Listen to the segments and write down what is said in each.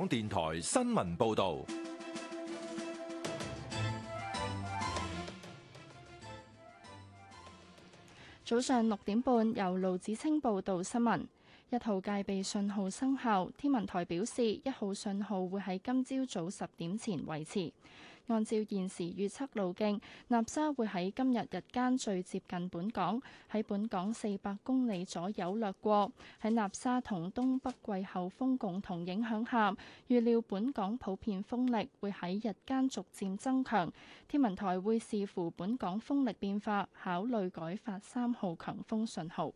港電台新聞報道。早上六點半，由盧子清報道新聞。一號戒備信號生效，天文台表示，一號信號會喺今朝早十點前維持。按照現時預測路徑，納沙會喺今日日間最接近本港，喺本港四百公里左右掠過。喺納沙同東北季候風共同影響下，預料本港普遍風力會喺日間逐漸增強。天文台會視乎本港風力變化，考慮改發三號強風信號。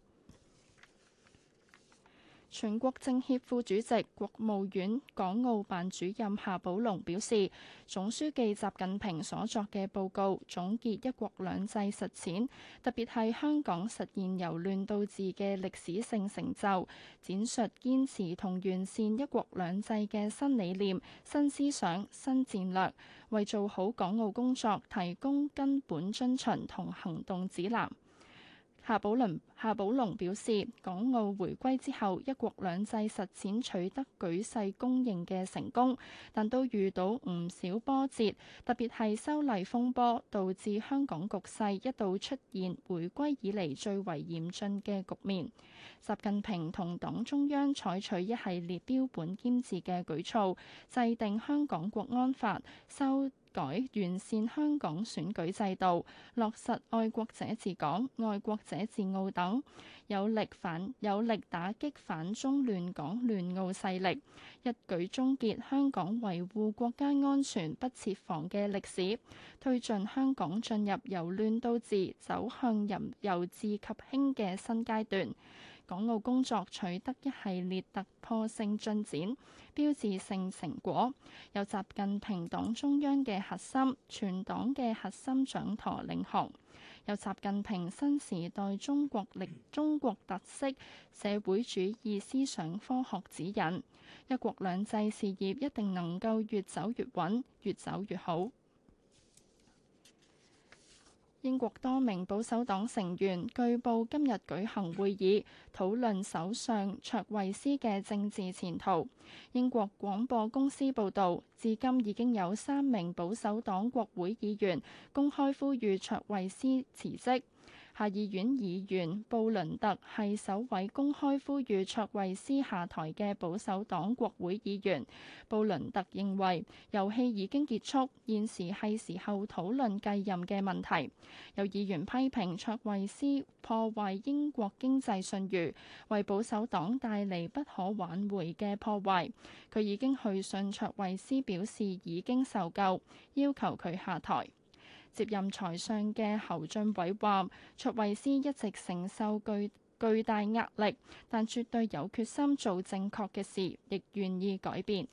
全國政協副主席、國務院港澳辦主任夏寶龍表示，總書記習近平所作嘅報告總結一國兩制實踐，特別係香港實現由亂到治嘅歷史性成就，展述堅持同完善一國兩制嘅新理念、新思想、新戰略，為做好港澳工作提供根本遵循同行動指南。夏寶龍夏寶龍表示，港澳回歸之後，一國兩制實踐取得舉世公認嘅成功，但都遇到唔少波折，特別係修例風波，導致香港局勢一度出現回歸以嚟最為嚴峻嘅局面。習近平同黨中央採取一系列標本兼治嘅舉措，制定香港國安法，修改完善香港選舉制度，落實愛國者治港、愛國者治澳等，有力反有力打擊反中亂港亂澳勢力，一舉終結香港維護國家安全不設防嘅歷史，推進香港進入由亂到治、走向入由治及興嘅新階段。港澳工作取得一系列突破性進展、標誌性成果，有習近平黨中央嘅核心、全黨嘅核心掌舵領航，有習近平新時代中國力中國特色社會主義思想科學指引，一國兩制事業一定能夠越走越穩，越走越好。英國多名保守黨成員據報今日舉行會議，討論首相卓慧思嘅政治前途。英國廣播公司報導，至今已經有三名保守黨國會議員公開呼籲卓慧思辭職。下議院議員布倫特係首位公開呼籲卓慧思下台嘅保守黨國會議員。布倫特認為遊戲已經結束，現時係時候討論繼任嘅問題。有議員批評卓慧思破壞英國經濟信譽，為保守黨帶嚟不可挽回嘅破壞。佢已經去信卓慧思，表示已經受夠，要求佢下台。接任財相嘅侯俊偉話，卓慧思一直承受巨巨大壓力，但絕對有決心做正確嘅事，亦願意改變。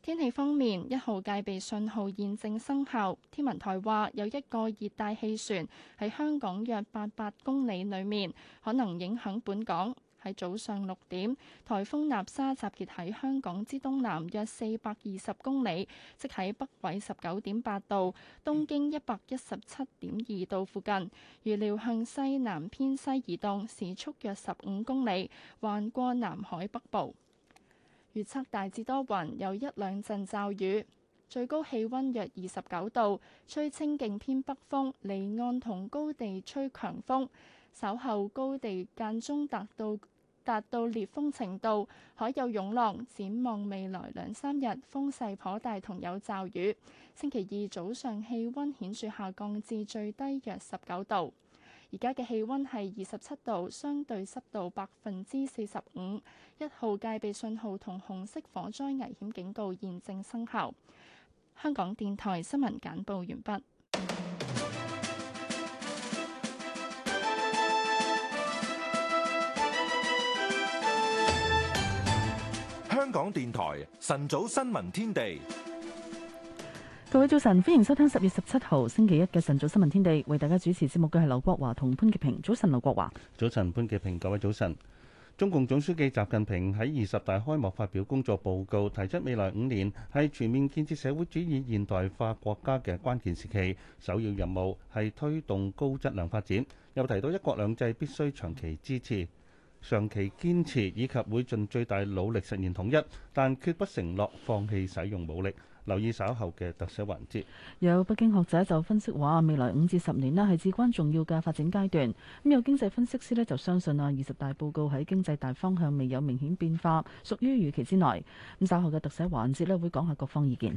天氣方面，一號戒備信號現正生效。天文台話有一個熱帶氣旋喺香港約八百公里裏面，可能影響本港。喺早上六點，颱風納沙集結喺香港之東南約四百二十公里，即喺北緯十九點八度，東經一百一十七點二度附近。預料向西南偏西移動，時速約十五公里，橫過南海北部。預測大致多雲，有一兩陣驟雨，最高氣溫約二十九度，吹清勁偏北風，離岸同高地吹強風。稍後高地間中達到。達到烈風程度，海有湧浪。展望未來兩三日，風勢頗大同有驟雨。星期二早上氣溫顯著下降至最低約十九度。而家嘅氣溫係二十七度，相對濕度百分之四十五。一號戒備信號同紅色火災危險警告現正生效。香港電台新聞簡報完畢。香港電台晨早新聞天地，各位早晨，歡迎收聽十月十七號星期一嘅晨早新聞天地，為大家主持節目嘅係劉國華同潘潔平。早晨，劉國華，早晨，潘潔平，各位早晨。中共總書記習近平喺二十大開幕發表工作報告，提出未來五年係全面建設社會主義現代化國家嘅關鍵時期，首要任務係推動高質量發展，又提到一國兩制必須長期支持，長期堅持以及會盡最大努力實現統一，但決不承諾放棄使用武力。留意稍後嘅特寫環節。有北京學者就分析話，未來五至十年呢係至關重要嘅發展階段。咁有經濟分析師呢就相信啊，二十大報告喺經濟大方向未有明顯變化，屬於預期之內。咁稍後嘅特寫環節呢，會講下各方意見。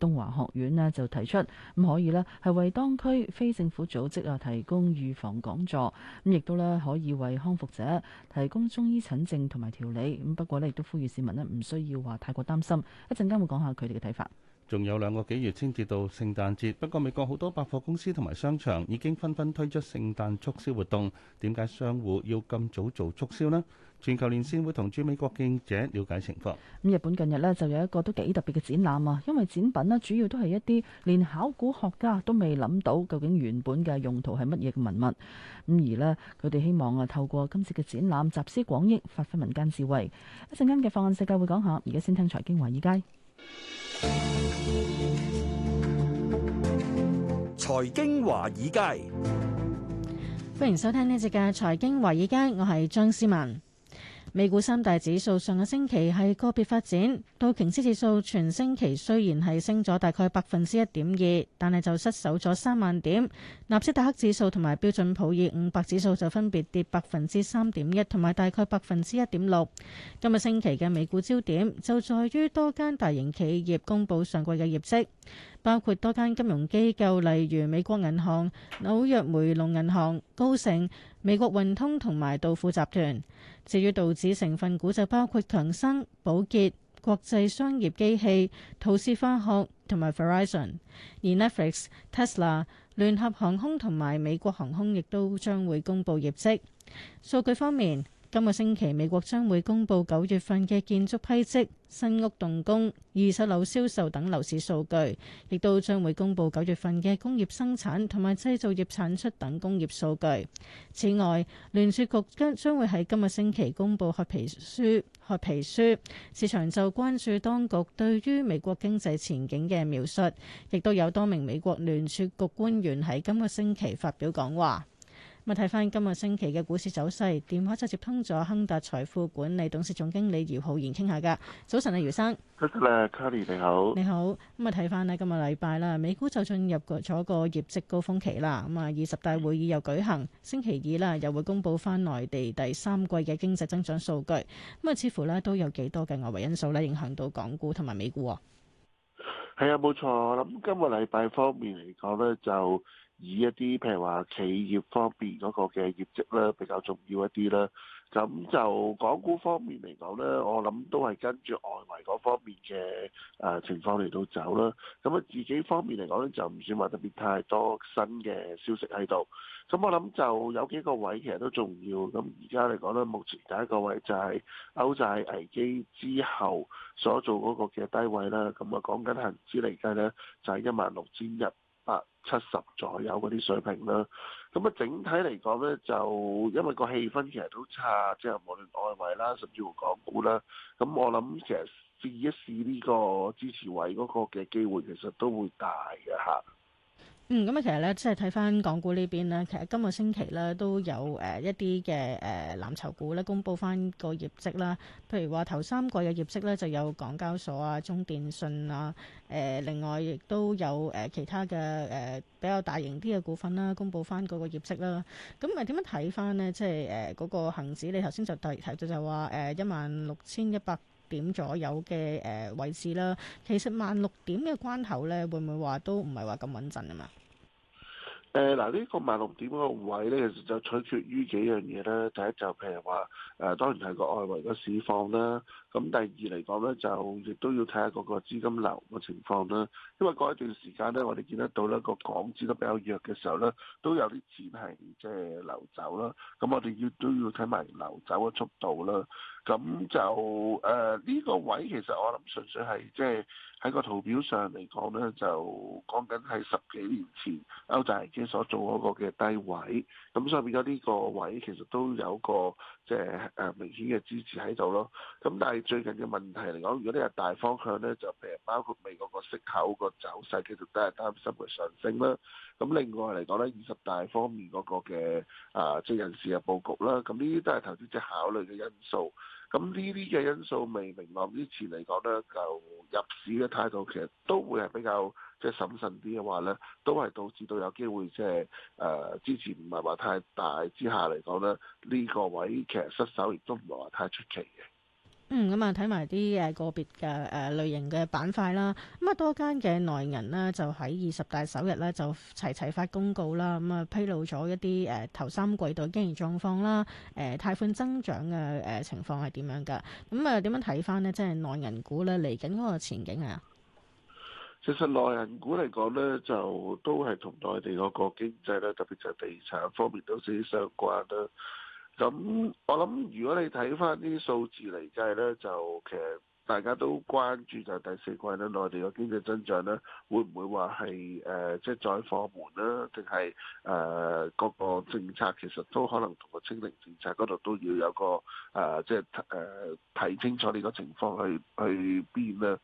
東華學院咧就提出咁可以咧，係為當區非政府組織啊提供預防講座，咁亦都咧可以為康復者提供中醫診症同埋調理。咁不過咧，亦都呼籲市民咧唔需要話太過擔心。一陣間會講下佢哋嘅睇法。仲有兩個幾月先至到聖誕節，不過美國好多百貨公司同埋商場已經紛紛推出聖誕促銷活動。點解商戶要咁早做促銷呢？全球連線會同駐美國記者了解情況。咁日本近日呢，就有一個都幾特別嘅展覽啊，因為展品呢，主要都係一啲連考古學家都未諗到究竟原本嘅用途係乜嘢嘅文物。咁而呢，佢哋希望啊透過今次嘅展覽集思廣益，發揮民間智慧。一陣間嘅放眼世界會講下，而家先聽財經華爾街。財經華爾街，歡迎收聽呢一節嘅財經華爾街，我係張思文。美股三大指數上個星期係個別發展，道瓊斯指數全星期雖然係升咗大概百分之一點二，但係就失守咗三萬點。納斯達克指數同埋標準普爾五百指數就分別跌百分之三點一同埋大概百分之一點六。今個星期嘅美股焦點就在於多間大型企業公布上季嘅業績，包括多間金融機構，例如美國銀行、紐約梅隆銀行、高盛、美國運通同埋道富集團。至於道指成分股就包括強生、寶潔、國際商業機器、陶氏化學同埋 Verizon，而 Netflix、Tesla、聯合航空同埋美國航空亦都將會公布業績。數據方面。今個星期，美國將會公布九月份嘅建築批則、新屋動工、二手樓銷售等樓市數據，亦都將會公布九月份嘅工業生產同埋製造業產出等工業數據。此外，聯儲局將將會喺今個星期公布褐皮書。褐皮書市場就關注當局對於美國經濟前景嘅描述，亦都有多名美國聯儲局官員喺今個星期發表講話。咪睇翻今個星期嘅股市走勢，電話就接通咗亨達財富管理董事總經理姚浩然傾下㗎。早晨啊，姚生卡。你好。你好。咁啊，睇翻咧今個禮拜啦，美股就進入咗個業績高峰期啦。咁啊，二十大會議又舉行，嗯、星期二啦又會公布翻內地第三季嘅經濟增長數據。咁啊，似乎咧都有幾多嘅外圍因素咧影響到港股同埋美股。係啊，冇錯。我諗今個禮拜方面嚟講咧就。以一啲譬如話企業方面嗰個嘅業績咧比較重要一啲啦，咁就港股方面嚟講咧，我諗都係跟住外圍嗰方面嘅誒情況嚟到走啦。咁啊自己方面嚟講咧，就唔算話特別太多新嘅消息喺度。咁我諗就有幾個位其實都重要。咁而家嚟講咧，目前第一個位就係歐債危機之後所做嗰個嘅低位啦。咁啊講緊恆指嚟計咧，就係一萬六千一七十左右嗰啲水平啦，咁啊整體嚟講呢，就因為個氣氛其實都差，即係無論外圍啦，甚至乎港股啦，咁我諗其實試一試呢個支持位嗰個嘅機會其實都會大嘅嚇。嗯，咁啊，其實咧，即係睇翻港股呢邊咧，其實今個星期咧都有誒一啲嘅誒藍籌股咧公佈翻個業績啦。譬如話頭三季嘅業績咧，就有港交所啊、中電信啊，誒、呃、另外亦都有誒、呃、其他嘅誒、呃、比較大型啲嘅股份啦，公佈翻嗰個業績啦。咁咪點樣睇翻呢？即係誒嗰個恆指，你頭先就提提到就話誒一萬六千一百點左右嘅誒位置啦。其實萬六點嘅關口咧，會唔會話都唔係話咁穩陣啊？嘛？誒嗱，呃這個、呢個萬六點嗰個位咧，其實就取決於幾樣嘢咧。第一就譬如話，誒、呃、當然係個外圍嘅市況啦。咁第二嚟講咧，就亦都要睇下個個資金流個情況啦。因為過一段時間咧，我哋見得到咧個港資金比較弱嘅時候咧，都有啲錢係即係流走啦。咁我哋要都要睇埋流走嘅速度啦。咁就誒呢、呃呢個位其實我諗純粹係即係喺個圖表上嚟講咧，就講緊係十幾年前歐債危機所做嗰個嘅低位。咁所以變咗呢個位其實都有個即係誒明顯嘅支持喺度咯。咁但係，最近嘅問題嚟講，如果你係大方向咧，就譬如包括美國個息口個走勢，其實都係擔心佢上升啦。咁另外嚟講咧，二十大方面嗰個嘅啊，即、呃、係、就是、人事嘅佈局啦，咁呢啲都係投資者考慮嘅因素。咁呢啲嘅因素未明朗之前嚟講咧，就入市嘅態度其實都會係比較即係審慎啲嘅話咧，都係導致到有機會即係誒支持唔係話太大之下嚟講咧，呢、這個位其實失守亦都唔係話太出奇嘅。嗯，咁啊，睇埋啲誒個別嘅誒、呃、類型嘅板塊啦，咁啊多間嘅內銀呢，就喺二十大首日咧，就齊齊發公告啦，咁、嗯、啊披露咗一啲誒、呃、頭三季度經營狀況啦，誒貸款增長嘅誒、呃、情況係點樣噶？咁啊點樣睇翻呢？即係內銀股咧嚟緊嗰個前景係啊？其實內銀股嚟講咧，就都係同內地嗰個經濟咧，特別就係地產方面都息息相關啦。咁我諗，如果你睇翻啲數字嚟計咧，就其實大家都關注就第四季咧，內地嘅經濟增長咧，會唔會話係誒即係再放緩咧？定係誒各個政策其實都可能同個清零政策嗰度都要有個誒即係誒睇清楚你個情況去去變啦。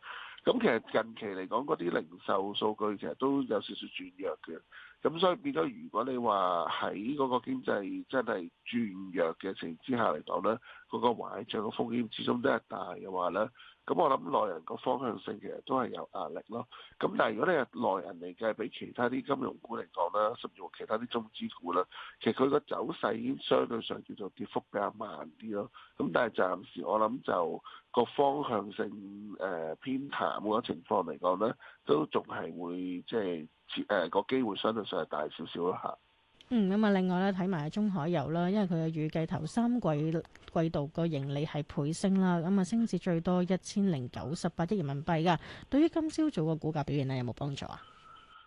咁其實近期嚟講，嗰啲零售數據其實都有少少轉弱嘅。咁所以變咗，如果你話喺嗰個經濟真係轉弱嘅情形之下嚟講咧，嗰個壞賬嘅風險始終都係大嘅話咧。咁我諗內銀個方向性其實都係有壓力咯。咁但係如果你係內銀嚟計，比其他啲金融股嚟講啦，甚至乎其他啲中資股咧，其實佢個走勢已經相對上叫做跌幅比較慢啲咯。咁但係暫時我諗就個方向性誒、呃、偏淡嗰個情況嚟講咧，都仲係會即係誒個機會相對上係大少少咯嚇。嗯，咁啊，另外咧睇埋中海油啦，因為佢嘅預計頭三季季度個盈利係倍升啦，咁、嗯、啊升至最多一千零九十八億人民幣噶。對於今朝早個股價表現咧，有冇幫助啊？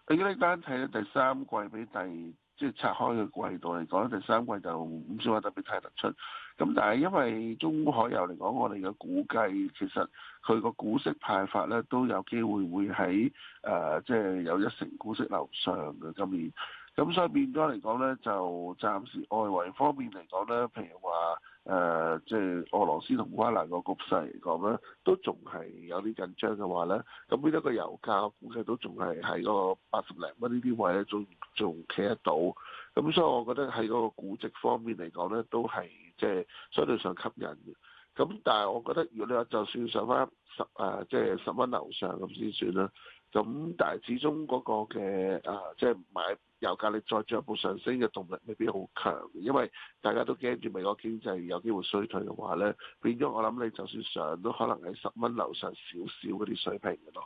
咁咧單睇第三季比第即係拆開嘅季度嚟講，第三季就唔算話特別太突出。咁但係因為中海油嚟講，我哋嘅估計其實佢個股息派發咧都有機會會喺誒、呃、即係有一成股息樓上嘅今年。咁所以變咗嚟講咧，就暫時外圍方面嚟講咧，譬如話誒，即、呃、係、就是、俄羅斯同烏克蘭個局勢嚟講咧，都仲係有啲緊張嘅話咧，咁呢一個油價估計都仲係喺嗰個八十零蚊呢啲位咧，仲仲企得到。咁所以我覺得喺嗰個估值方面嚟講咧，都係即係相對上吸引嘅。咁但係我覺得，如果你話就算上翻十誒，即係十蚊樓上咁先算啦。咁但係始終嗰個嘅啊，即係買油價你再進一步上升嘅動力未必好強，因為大家都驚住美國經濟有機會衰退嘅話咧，變咗我諗你就算上都可能喺十蚊樓上少少嗰啲水平嘅咯。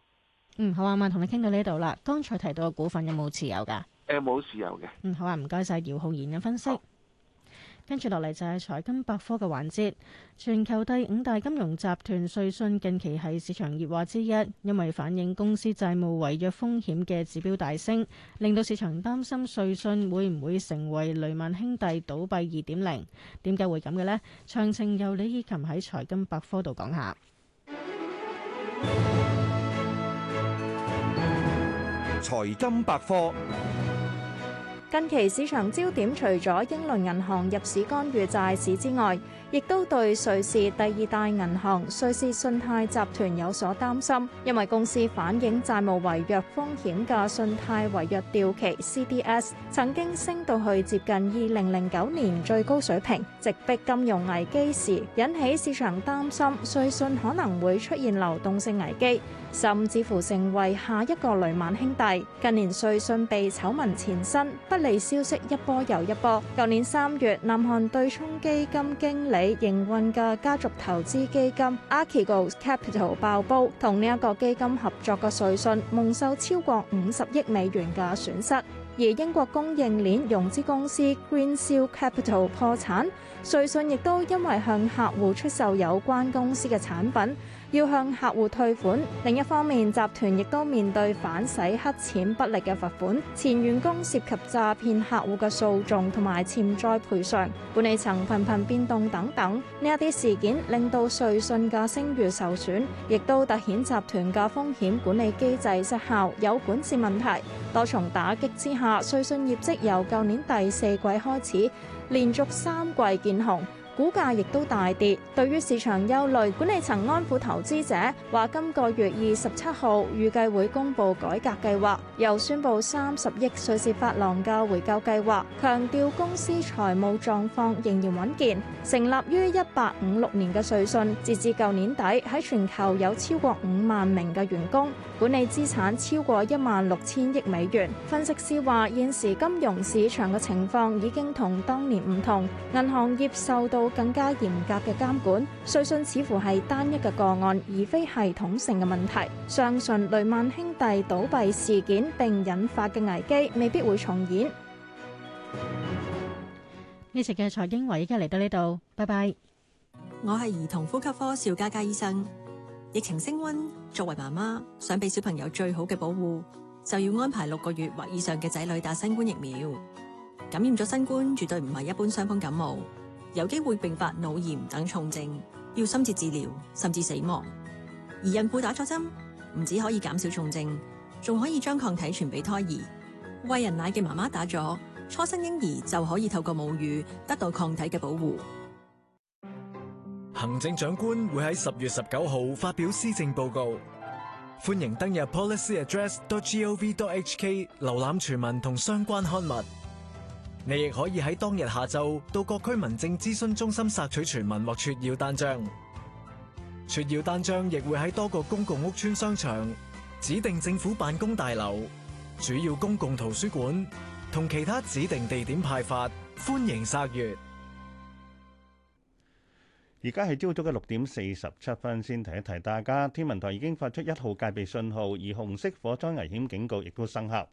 嗯，好啊，唔同你傾到呢度啦。剛才提到嘅股份有冇持有㗎？誒，冇持有嘅。嗯，好啊，唔該晒，姚浩然嘅分析。跟住落嚟就係財金百科嘅環節，全球第五大金融集團瑞信近期係市場熱話之一，因為反映公司債務違約風險嘅指標大升，令到市場擔心瑞信會唔會成為雷曼兄弟倒閉二點零。點解會咁嘅呢？詳情由李以琴喺財金百科度講下。財金百科。近期市場焦點除咗英倫銀行入市干預債市之外，亦都對瑞士第二大銀行瑞士信貸集團有所擔心，因為公司反映債務違約風險嘅信貸違約掉期 CDS 曾經升到去接近二零零九年最高水平，直逼金融危機時，引起市場擔心瑞信可能會出現流動性危機，甚至乎成為下一個雷曼兄弟。近年瑞信被醜聞纏身，不利消息一波又一波。舊年三月，南韓對沖基金經理營運嘅家族投資基金 Archegos Capital 爆煲，同呢一個基金合作嘅瑞信蒙受超過五十億美元嘅損失。而英國供應鏈融資公司 Greensill Capital 破產，瑞信亦都因為向客戶出售有關公司嘅產品。要向客戶退款，另一方面，集團亦都面對反洗黑錢不力嘅罰款，前員工涉及詐騙客戶嘅訴訟同埋潛在賠償，管理層頻頻變動等等，呢一啲事件令到瑞信嘅聲譽受損，亦都凸顯集團嘅風險管理機制失效，有管治問題。多重打擊之下，瑞信業績由舊年第四季開始，連續三季見紅。股價亦都大跌，對於市場憂慮，管理層安撫投資者，話今個月二十七號預計會公佈改革計劃，又宣佈三十億瑞士法郎嘅回購計劃，強調公司財務狀況仍然穩健。成立於一八五六年嘅瑞信，截至舊年底喺全球有超過五萬名嘅員工，管理資產超過一萬六千億美元。分析師話，現時金融市場嘅情況已經同當年唔同，銀行業受到更加嚴格嘅監管，瑞信似乎係單一嘅個，個案，而非系統性嘅問題。相信雷曼兄弟倒閉事件並引發嘅危機未必會重演。呢次嘅財經圍依家嚟到呢度，拜拜。我係兒童呼吸科邵嘉嘉醫生。疫情升溫，作為媽媽想俾小朋友最好嘅保護，就要安排六個月或以上嘅仔女打新冠疫苗。感染咗新冠絕對唔係一般傷風感冒。有機會併發腦炎等重症，要深切治療，甚至死亡。而孕婦打咗針，唔止可以減少重症，仲可以將抗體傳俾胎兒。喂人奶嘅媽媽打咗，初生嬰兒就可以透過母乳得到抗體嘅保護。行政長官會喺十月十九號發表施政報告，歡迎登入 policyaddress.gov.hk 瀏覽全文同相關刊物。你亦可以喺當日下晝到各區民政諮詢中心索取全民獲豁耀單張，豁耀單張亦會喺多個公共屋邨、商場、指定政府辦公大樓、主要公共圖書館同其他指定地點派發，歡迎查閱。而家係朝早嘅六點四十七分，先提一提大家，天文台已經發出一號戒備信號，而紅色火災危險警告亦都生效。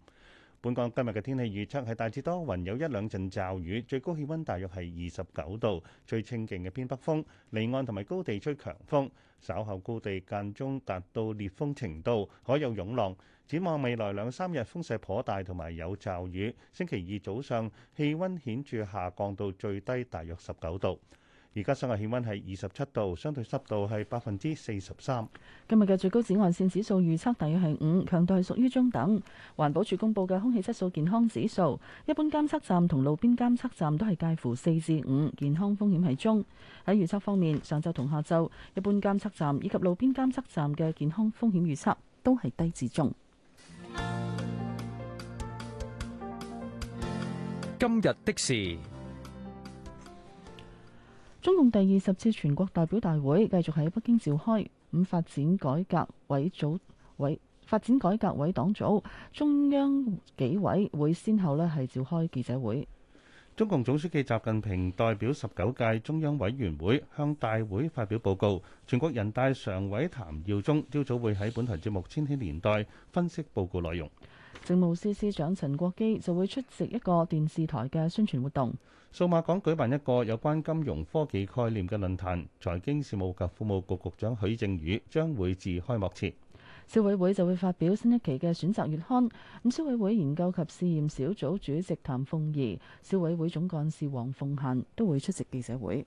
本港今日嘅天氣預測係大致多雲，有一兩陣驟雨，最高氣溫大約係二十九度，最清勁嘅偏北風離岸同埋高地吹強風，稍後高地間中達到烈風程度，可有湧浪。展望未來兩三日風勢頗大，同埋有驟雨。星期二早上氣溫顯著下降到最低大約十九度。而家室外氣溫係二十七度，相對濕度係百分之四十三。今日嘅最高紫外線指數預測大約係五，強度係屬於中等。環保署公布嘅空氣質素健康指數，一般監測站同路邊監測站都係介乎四至五，健康風險係中。喺預測方面，上晝同下晝，一般監測站以及路邊監測站嘅健康風險預測都係低至中。今日的時。中共第二十次全國代表大會繼續喺北京召開，咁發展改革委組委發展改革委黨組中央紀委會先後咧係召開記者會，中共總書記習近平代表十九屆中央委員會向大會發表報告。全國人大常委譚耀宗朝早會喺本台節目《千禧年代》分析報告內容。政務司司長陳國基就會出席一個電視台嘅宣傳活動。數碼港舉辦一個有關金融科技概念嘅論壇，財經事務及庫務局局，局長許正宇將會致開幕詞。消委會就會發表新一期嘅選擇月刊。咁消委會研究及試驗小組主席譚鳳儀、消委會總幹事黃鳳嫻都會出席記者會。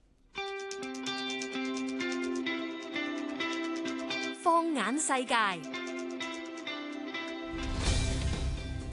放眼世界，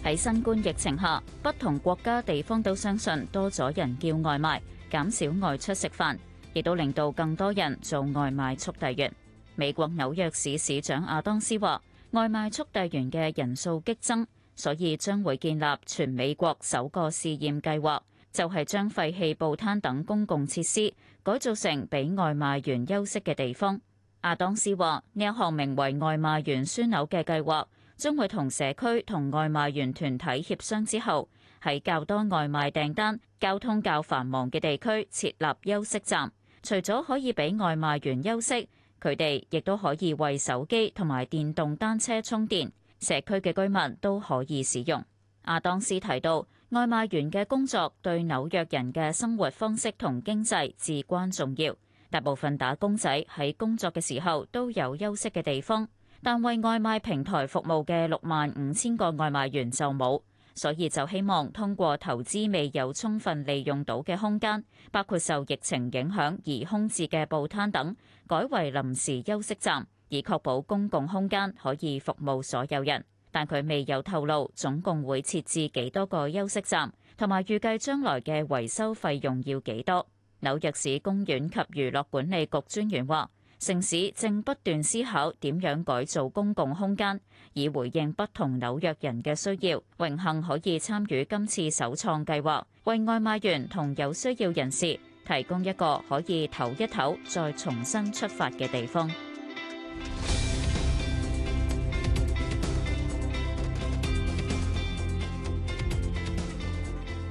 喺新冠疫情下，不同國家地方都相信多咗人叫外賣減少外出食飯，亦都令到更多人做外賣速遞員。美國紐約市市長阿當斯話，外賣速遞員嘅人數激增，所以將會建立全美國首個試驗計劃，就係將廢棄報攤等公共設施改造成俾外賣員休息嘅地方。阿當斯話：呢一項名為外賣員樞紐嘅計劃，將會同社區同外賣員團體協商之後，喺較多外賣訂單、交通較繁忙嘅地區設立休息站。除咗可以俾外賣員休息，佢哋亦都可以為手機同埋電動單車充電，社區嘅居民都可以使用。阿當斯提到，外賣員嘅工作對紐約人嘅生活方式同經濟至關重要。大部分打工仔喺工作嘅時候都有休息嘅地方，但為外賣平台服務嘅六萬五千個外賣員就冇，所以就希望通過投資未有充分利用到嘅空間，包括受疫情影響而空置嘅報攤等，改為臨時休息站，以確保公共空間可以服務所有人。但佢未有透露總共會設置幾多個休息站，同埋預計將來嘅維修費用要幾多。紐約市公園及娛樂管理局專員話，城市正不斷思考點樣改造公共空間，以回應不同紐約人嘅需要。榮幸可以參與今次首創計劃，為外賣員同有需要人士提供一個可以唞一唞再重新出發嘅地方。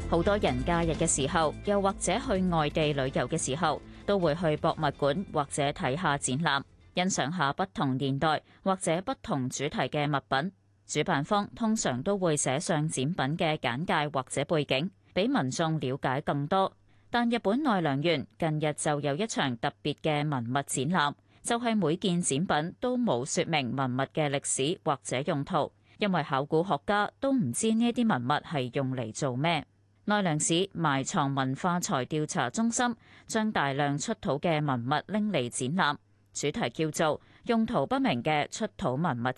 好多人假日嘅時候，又或者去外地旅遊嘅時候，都會去博物館或者睇下展覽，欣賞下不同年代或者不同主題嘅物品。主辦方通常都會寫上展品嘅簡介或者背景，俾民眾了解更多。但日本奈良縣近日就有一場特別嘅文物展覽，就係、是、每件展品都冇說明文物嘅歷史或者用途，因為考古學家都唔知呢啲文物係用嚟做咩。奈良市埋藏文化財調查中心將大量出土嘅文物拎嚟展覽，主題叫做《用途不明嘅出土文物展》，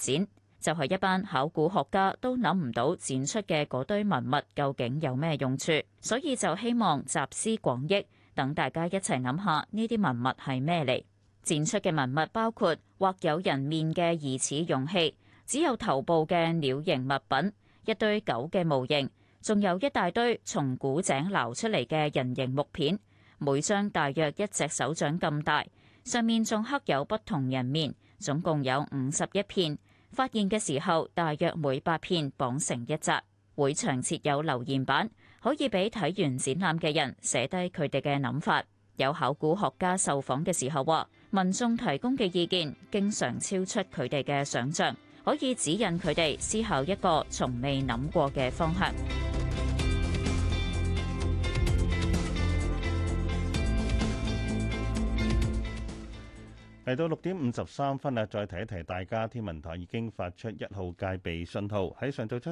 就係、是、一班考古學家都諗唔到展出嘅嗰堆文物究竟有咩用處，所以就希望集思廣益，等大家一齊諗下呢啲文物係咩嚟。展出嘅文物包括畫有人面嘅疑似容器，只有頭部嘅鳥形物品，一堆狗嘅模型。仲有一大堆從古井撈出嚟嘅人形木片，每張大約一隻手掌咁大，上面仲刻有不同人面，總共有五十一片。發現嘅時候，大約每八片綁成一紮。會場設有留言板，可以俾睇完展覽嘅人寫低佢哋嘅諗法。有考古學家受訪嘅時候話，民眾提供嘅意見經常超出佢哋嘅想像。可以指引佢哋思考一個從未諗過嘅方向。嚟到六點五十三分啊，再提一提大家，天文台已經發出一號戒備信號，喺上晝七。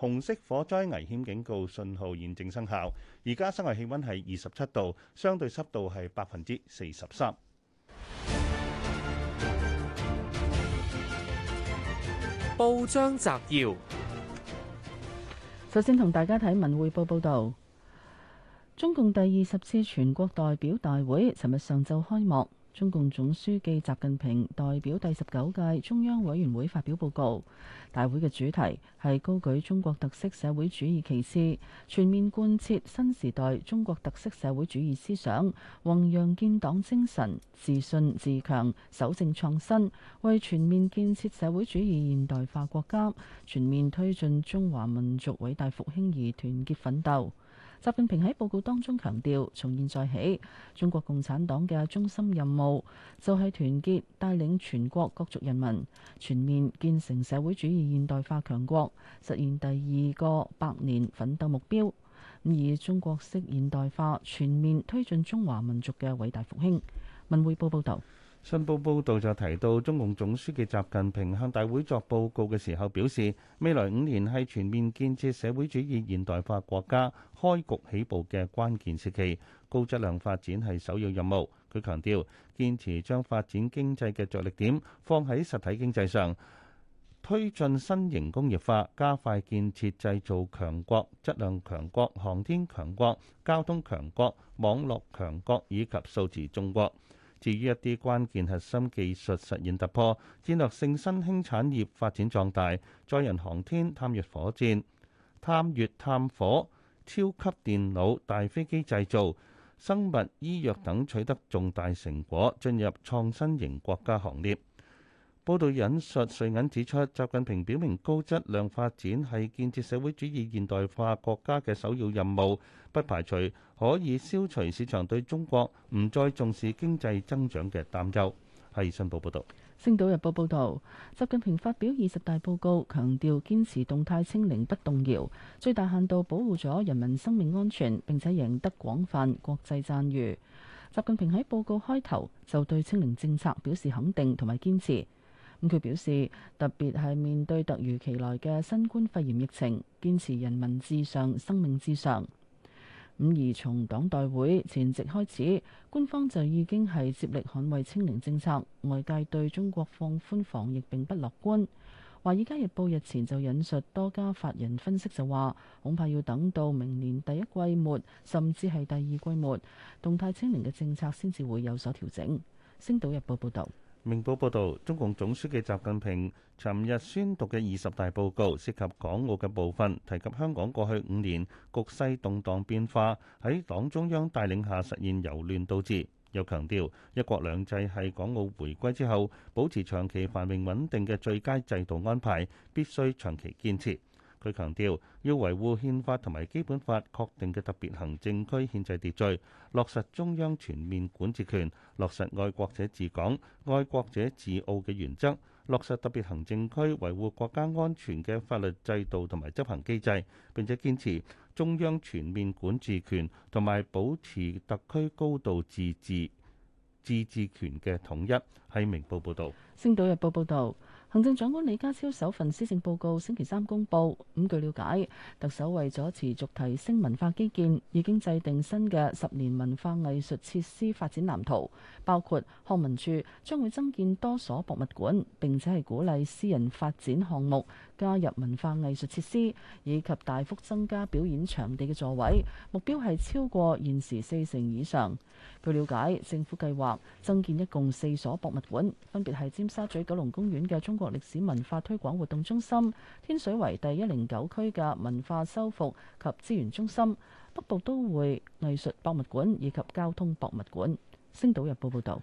紅色火災危險警告信號現正生效。而家室外氣温係二十七度，相對濕度係百分之四十三。報章摘要：首先同大家睇文匯報報導，中共第二十次全國代表大會尋日上晝開幕。中共總書記習近平代表第十九屆中央委員會發表報告。大會嘅主題係高舉中國特色社會主義旗幟，全面貫徹新時代中國特色社會主義思想，弘揚建黨精神，自信自強，守正創新，為全面建設社會主義現代化國家、全面推進中華民族偉大復興而團結奮鬥。習近平喺報告當中強調，從現在起，中國共產黨嘅中心任務就係團結帶領全國各族人民，全面建成社會主義現代化強國，實現第二個百年奮鬥目標，以中國式現代化全面推進中華民族嘅偉大復興。文匯報報道。信報報道就提到，中共總書記習近平向大會作報告嘅時候表示，未來五年係全面建設社會主義現代化國家開局起步嘅關鍵時期，高質量發展係首要任務。佢強調，堅持將發展經濟嘅着力點放喺實體經濟上，推進新型工業化，加快建設製造強國、質量強國、航天強國、交通強國、網絡強國以及數字中國。至於一啲關鍵核心技術實現突破，戰略性新興產業發展壯大，載人航天、探月火箭、探月探火、超級電腦、大飛機製造、生物醫藥等取得重大成果，進入創新型國家行列。報導引述瑞銀指出，習近平表明高質量發展係建設社會主義現代化國家嘅首要任務，不排除。可以消除市場對中國唔再重視經濟增長嘅擔憂。係信報報道，《星島日報》報道，習近平發表二十大報告，強調堅持動態清零不動搖，最大限度保護咗人民生命安全，並且贏得廣泛國際讚譽。習近平喺報告開頭就對清零政策表示肯定同埋堅持。咁佢表示，特別係面對突如其來嘅新冠肺炎疫情，堅持人民至上、生命至上。而從黨代會前夕開始，官方就已經係接力捍衛清零政策。外界對中國放寬防疫並不樂觀。華爾街日報日前就引述多家法人分析就，就話恐怕要等到明年第一季末，甚至係第二季末，動態清零嘅政策先至會有所調整。星島日報報道。明報報導，中共總書記習近平尋日宣讀嘅二十大報告涉及港澳嘅部分，提及香港過去五年局勢動盪變化，喺黨中央帶領下實現由亂到治，又強調一國兩制係港澳回歸之後保持長期繁榮穩定嘅最佳制度安排，必須長期堅持。佢強調要維護憲法同埋基本法確定嘅特別行政區憲制秩序，落實中央全面管治權，落實愛國者治港、愛國者治澳嘅原則，落實特別行政區維護國家安全嘅法律制度同埋執行機制，並且堅持中央全面管治權同埋保持特區高度自治自治權嘅統一。喺《明報》報道。《星島日報》報道。行政長官李家超首份施政報告星期三公佈，咁據了解，特首為咗持續提升文化基建，已經制定新嘅十年文化藝術設施發展藍圖，包括康文署將會增建多所博物館，並且係鼓勵私人發展項目。加入文化藝術設施，以及大幅增加表演場地嘅座位，目標係超過現時四成以上。據了解，政府計劃增建一共四所博物館，分別係尖沙咀九龍公園嘅中國歷史文化推廣活動中心、天水圍第一零九區嘅文化修復及資源中心、北部都會藝術博物館以及交通博物館。星島日報報導。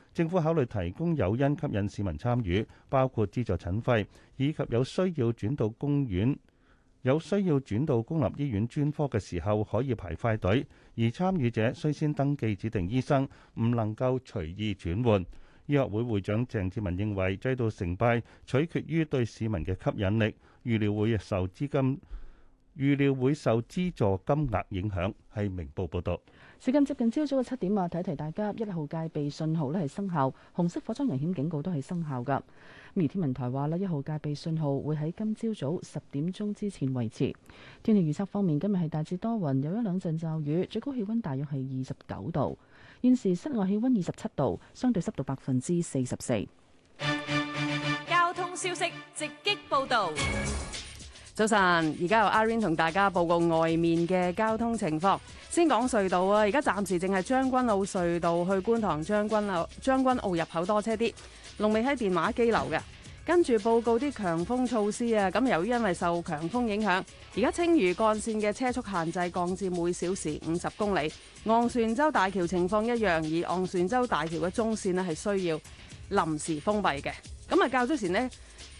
政府考慮提供誘因吸引市民參與，包括資助診費，以及有需要轉到公院、有需要轉到公立醫院專科嘅時候可以排快隊。而參與者需先登記指定醫生，唔能夠隨意轉換。醫學會會長鄭志文認為制度成敗取決於對市民嘅吸引力，預料會受資金，預料會受資助金額影響。係明報報道。時間接近接近朝早嘅七點啊，提提大家，一號戒備信號咧係生效，紅色火災危險警告都係生效噶。而天文台話咧，一號戒備信號會喺今朝早十點鐘之前維持。天氣預測方面，今日係大致多雲，有一兩陣驟雨，最高氣温大約係二十九度。現時室外氣温二十七度，相對濕度百分之四十四。交通消息直擊報導。早晨，而家由阿 Rain 同大家報告外面嘅交通情況。先講隧道啊，而家暫時淨係將軍澳隧道去觀塘將軍澳將軍澳入口多車啲，龍尾喺電話機樓嘅。跟住報告啲強風措施啊，咁由於因為受強風影響，而家青嶼幹線嘅車速限制降至每小時五十公里。昂船洲大橋情況一樣，而昂船洲大橋嘅中線呢係需要臨時封閉嘅。咁啊，較早前呢。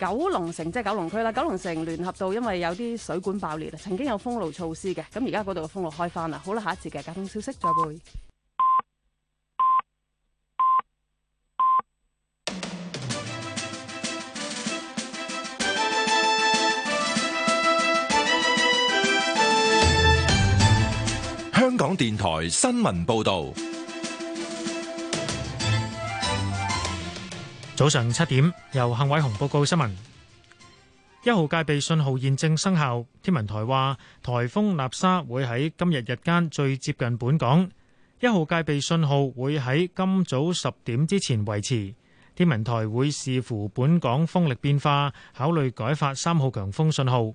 九龍城即係九龍區啦，九龍城聯合道因為有啲水管爆裂啊，曾經有封路措施嘅，咁而家嗰度嘅封路開翻啦。好啦，下一節嘅交通消息再會。香港電台新聞報道。早上七點，由幸偉雄報告新聞。一號戒備信號現正生效，天文台話台風納沙會喺今日日間最接近本港。一號戒備信號會喺今早十點之前維持。天文台會視乎本港風力變化，考慮改發三號強風信號。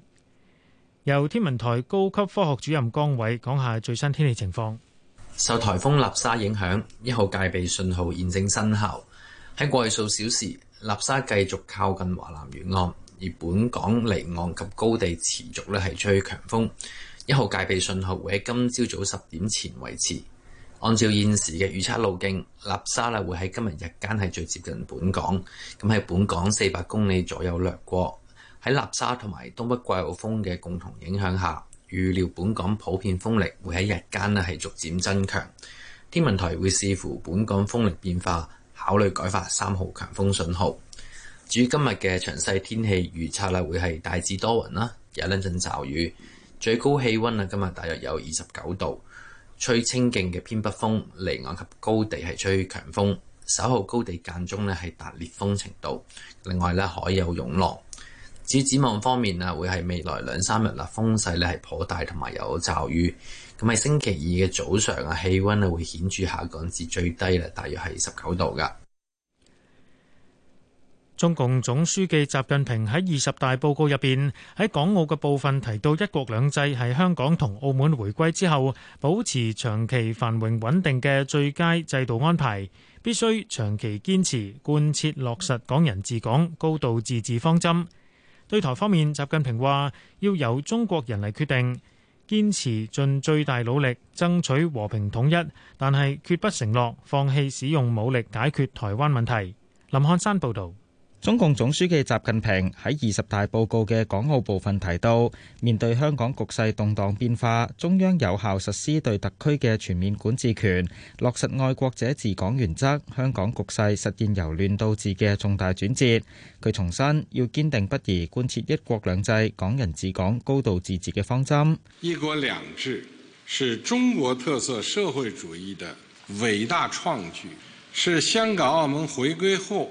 由天文台高級科學主任江偉講下最新天氣情況。受台風納沙影響，一號戒備信號現正生效。喺過去數小時，立沙繼續靠近華南沿岸，而本港離岸及高地持續咧係吹強風。一號戒備信號會喺今朝早十點前維持。按照現時嘅預測路徑，立沙啦會喺今日日間係最接近本港。咁喺本港四百公里左右掠過。喺立沙同埋東北季候風嘅共同影響下，預料本港普遍風力會喺日間咧係逐漸增強。天文台會視乎本港風力變化。考慮改發三號強風信號。至於今日嘅詳細天氣預測啦，會係大致多雲啦，有一陣驟雨。最高氣溫啊，今日大約有二十九度，吹清勁嘅偏北風，離岸及高地係吹強風，稍後高地間中咧係達烈風程度。另外咧，海有湧浪。至於展望方面啊，會係未來兩三日啦，風勢咧係頗大，同埋有驟雨。咁喺星期二嘅早上啊，氣溫呢會顯著下降至最低啦，大約係十九度噶。中共總書記習近平喺二十大報告入邊，喺港澳嘅部分提到，一國兩制係香港同澳門回歸之後保持長期繁榮穩定嘅最佳制度安排，必須長期堅持貫徹落實港人治港、高度自治方針。對台方面，習近平話要由中國人嚟決定。堅持盡最大努力爭取和平統一，但係決不承諾放棄使用武力解決台灣問題。林漢山報導。中共總書記習近平喺二十大報告嘅港澳部分提到，面對香港局勢動盪變化，中央有效實施對特區嘅全面管治權，落實愛國者治港原則，香港局勢實現由亂到治嘅重大轉折。佢重申，要堅定不移貫徹一國兩制、港人治港、高度自治嘅方針。一國兩制是中國特色社會主義的偉大創舉，是香港、澳門回歸後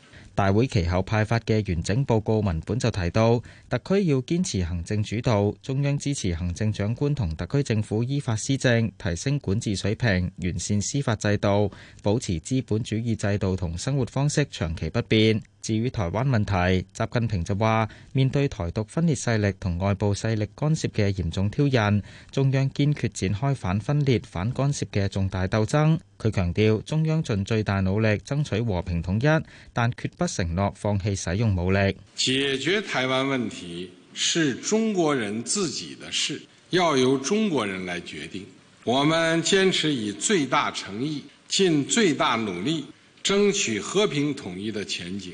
大會其後派發嘅完整報告文本就提到，特區要堅持行政主導，中央支持行政長官同特區政府依法施政，提升管治水平，完善司法制度，保持資本主義制度同生活方式長期不變。至於台灣問題，習近平就話：面對台獨分裂勢力同外部勢力干涉嘅嚴重挑釁，中央堅決展開反分裂、反干涉嘅重大鬥爭。佢強調，中央盡最大努力爭取和平統一，但決不承諾放棄使用武力。解決台灣問題是中國人自己的事，要由中國人來決定。我們堅持以最大誠意、盡最大努力，爭取和平統一的前景。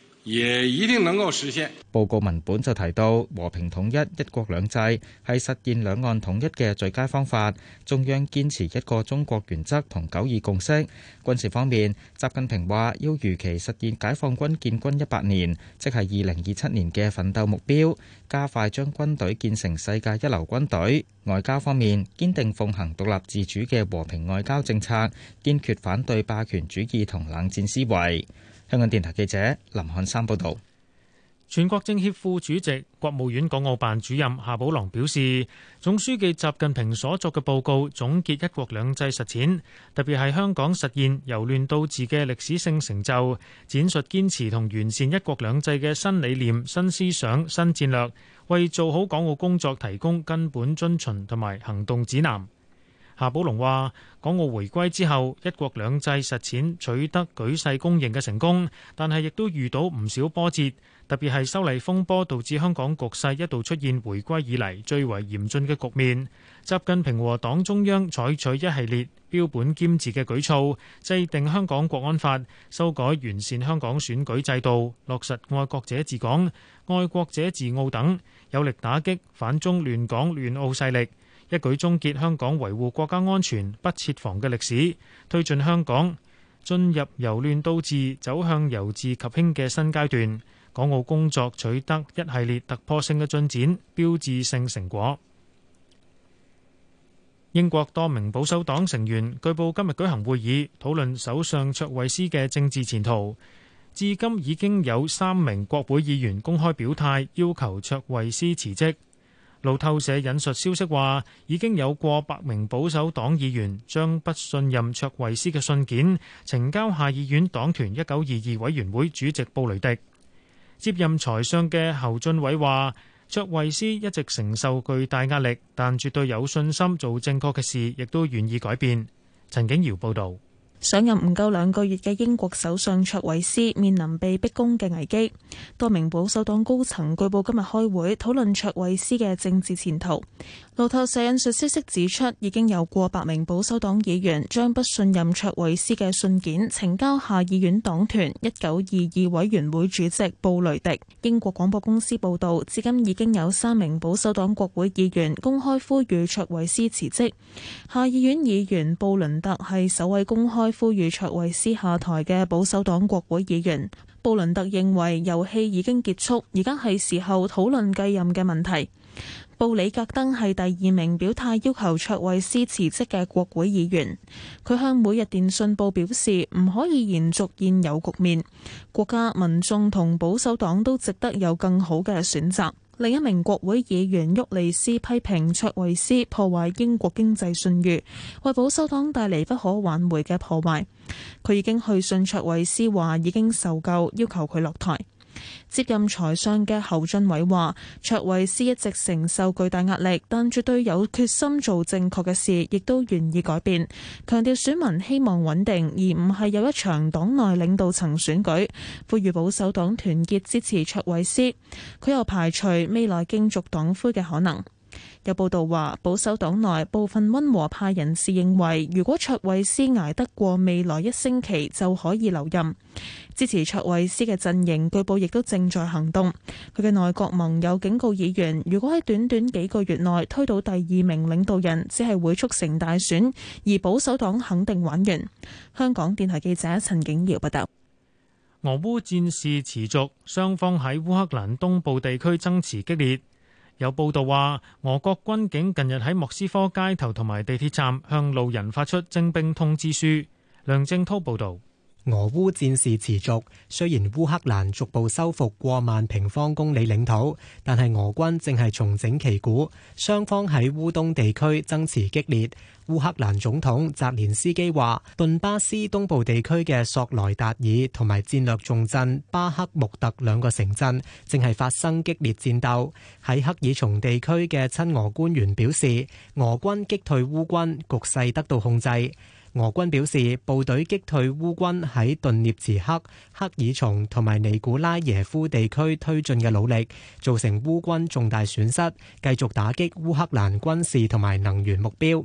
也一定能夠實現。報告文本就提到，和平統一、一國兩制係實現兩岸統一嘅最佳方法。中央堅持一個中國原則同九二共識。軍事方面，習近平話要如期實現解放軍建軍一百年，即係二零二七年嘅奮鬥目標，加快將軍隊建成世界一流軍隊。外交方面，堅定奉行獨立自主嘅和平外交政策，堅決反對霸權主義同冷戰思維。香港電台記者林漢山報道，全國政協副主席、國務院港澳辦主任夏寶龍表示，總書記習近平所作嘅報告總結一國兩制實踐，特別係香港實現由亂到治嘅歷史性成就，闡述堅持同完善一國兩制嘅新理念、新思想、新戰略，為做好港澳工作提供根本遵循同埋行動指南。夏寶龍話，港澳回歸之後，一國兩制實踐取得舉世公認嘅成功，但係亦都遇到唔少波折，特別係修例風波導致香港局勢一度出現回歸以嚟最為嚴峻嘅局面。習近平和黨中央採取一系列標本兼治嘅舉措，制定香港國安法，修改完善香港選舉制度，落實愛國者治港、愛國者治澳等，有力打擊反中亂港亂澳勢力。一舉終結香港維護國家安全不設防嘅歷史，推進香港進入由亂到治走向由治及興嘅新階段，港澳工作取得一系列突破性嘅進展、標誌性成果。英國多名保守黨成員據報今日舉行會議，討論首相卓慧思嘅政治前途。至今已經有三名國會議員公開表態，要求卓慧思辭職。路透社引述消息話，已經有過百名保守黨議員將不信任卓慧思嘅信件呈交下議院黨團一九二二委員會主席布雷迪。接任財相嘅侯俊偉話，卓慧思一直承受巨大壓力，但絕對有信心做正確嘅事，亦都願意改變，陳景瑤報道。上任唔夠兩個月嘅英國首相卓慧思面臨被逼宮嘅危機，多名保守黨高層據報今日開會討論卓慧思嘅政治前途。路透社引述消息指出，已經有過百名保守黨議員將不信任卓維斯嘅信件呈交下議院黨團一九二二委員會主席布雷迪。英國廣播公司報道，至今已經有三名保守黨國會議員公開呼籲卓維斯辭職。下議院議員布倫特係首位公開呼籲卓維斯下台嘅保守黨國會議員。布倫特認為遊戲已經結束，而家係時候討論繼任嘅問題。布里格登係第二名表態要求卓慧思辭職嘅國會議員，佢向每日電訊報表示唔可以延續現有局面，國家民眾同保守黨都值得有更好嘅選擇。另一名國會議員沃利斯批評卓慧思破壞英國經濟信譽，為保守黨帶嚟不可挽回嘅破壞。佢已經去信卓慧思話，已經受夠，要求佢落台。接任財相嘅侯俊偉話：卓慧思一直承受巨大壓力，但絕對有決心做正確嘅事，亦都願意改變。強調選民希望穩定，而唔係有一場黨內領導層選舉。呼籲保守黨團結支持卓慧思。佢又排除未來競逐黨魁嘅可能。有報道話，保守黨內部分溫和派人士認為，如果卓慧思捱得過未來一星期，就可以留任。支持卓慧思嘅陣營，據報亦都正在行動。佢嘅內閣盟友警告議員，如果喺短短幾個月內推倒第二名領導人，只係會促成大選，而保守黨肯定玩完。香港電台記者陳景堯報道。俄烏戰事持續，雙方喺烏克蘭東部地區爭持激烈。有報道話，俄國軍警近日喺莫斯科街頭同埋地鐵站向路人發出徵兵通知書。梁正滔報道。俄烏戰事持續，雖然烏克蘭逐步收復過萬平方公里領土，但係俄軍正係重整旗鼓，雙方喺烏東地區爭持激烈。烏克蘭總統澤連斯基話：頓巴斯東部地區嘅索萊達爾同埋戰略重鎮巴克穆特兩個城鎮正係發生激烈戰鬥。喺克爾松地區嘅親俄官員表示，俄軍擊退烏軍，局勢得到控制。俄軍表示，部隊擊退烏軍喺頓涅茨克、克爾松同埋尼古拉耶夫地區推進嘅努力，造成烏軍重大損失，繼續打擊烏克蘭軍事同埋能源目標。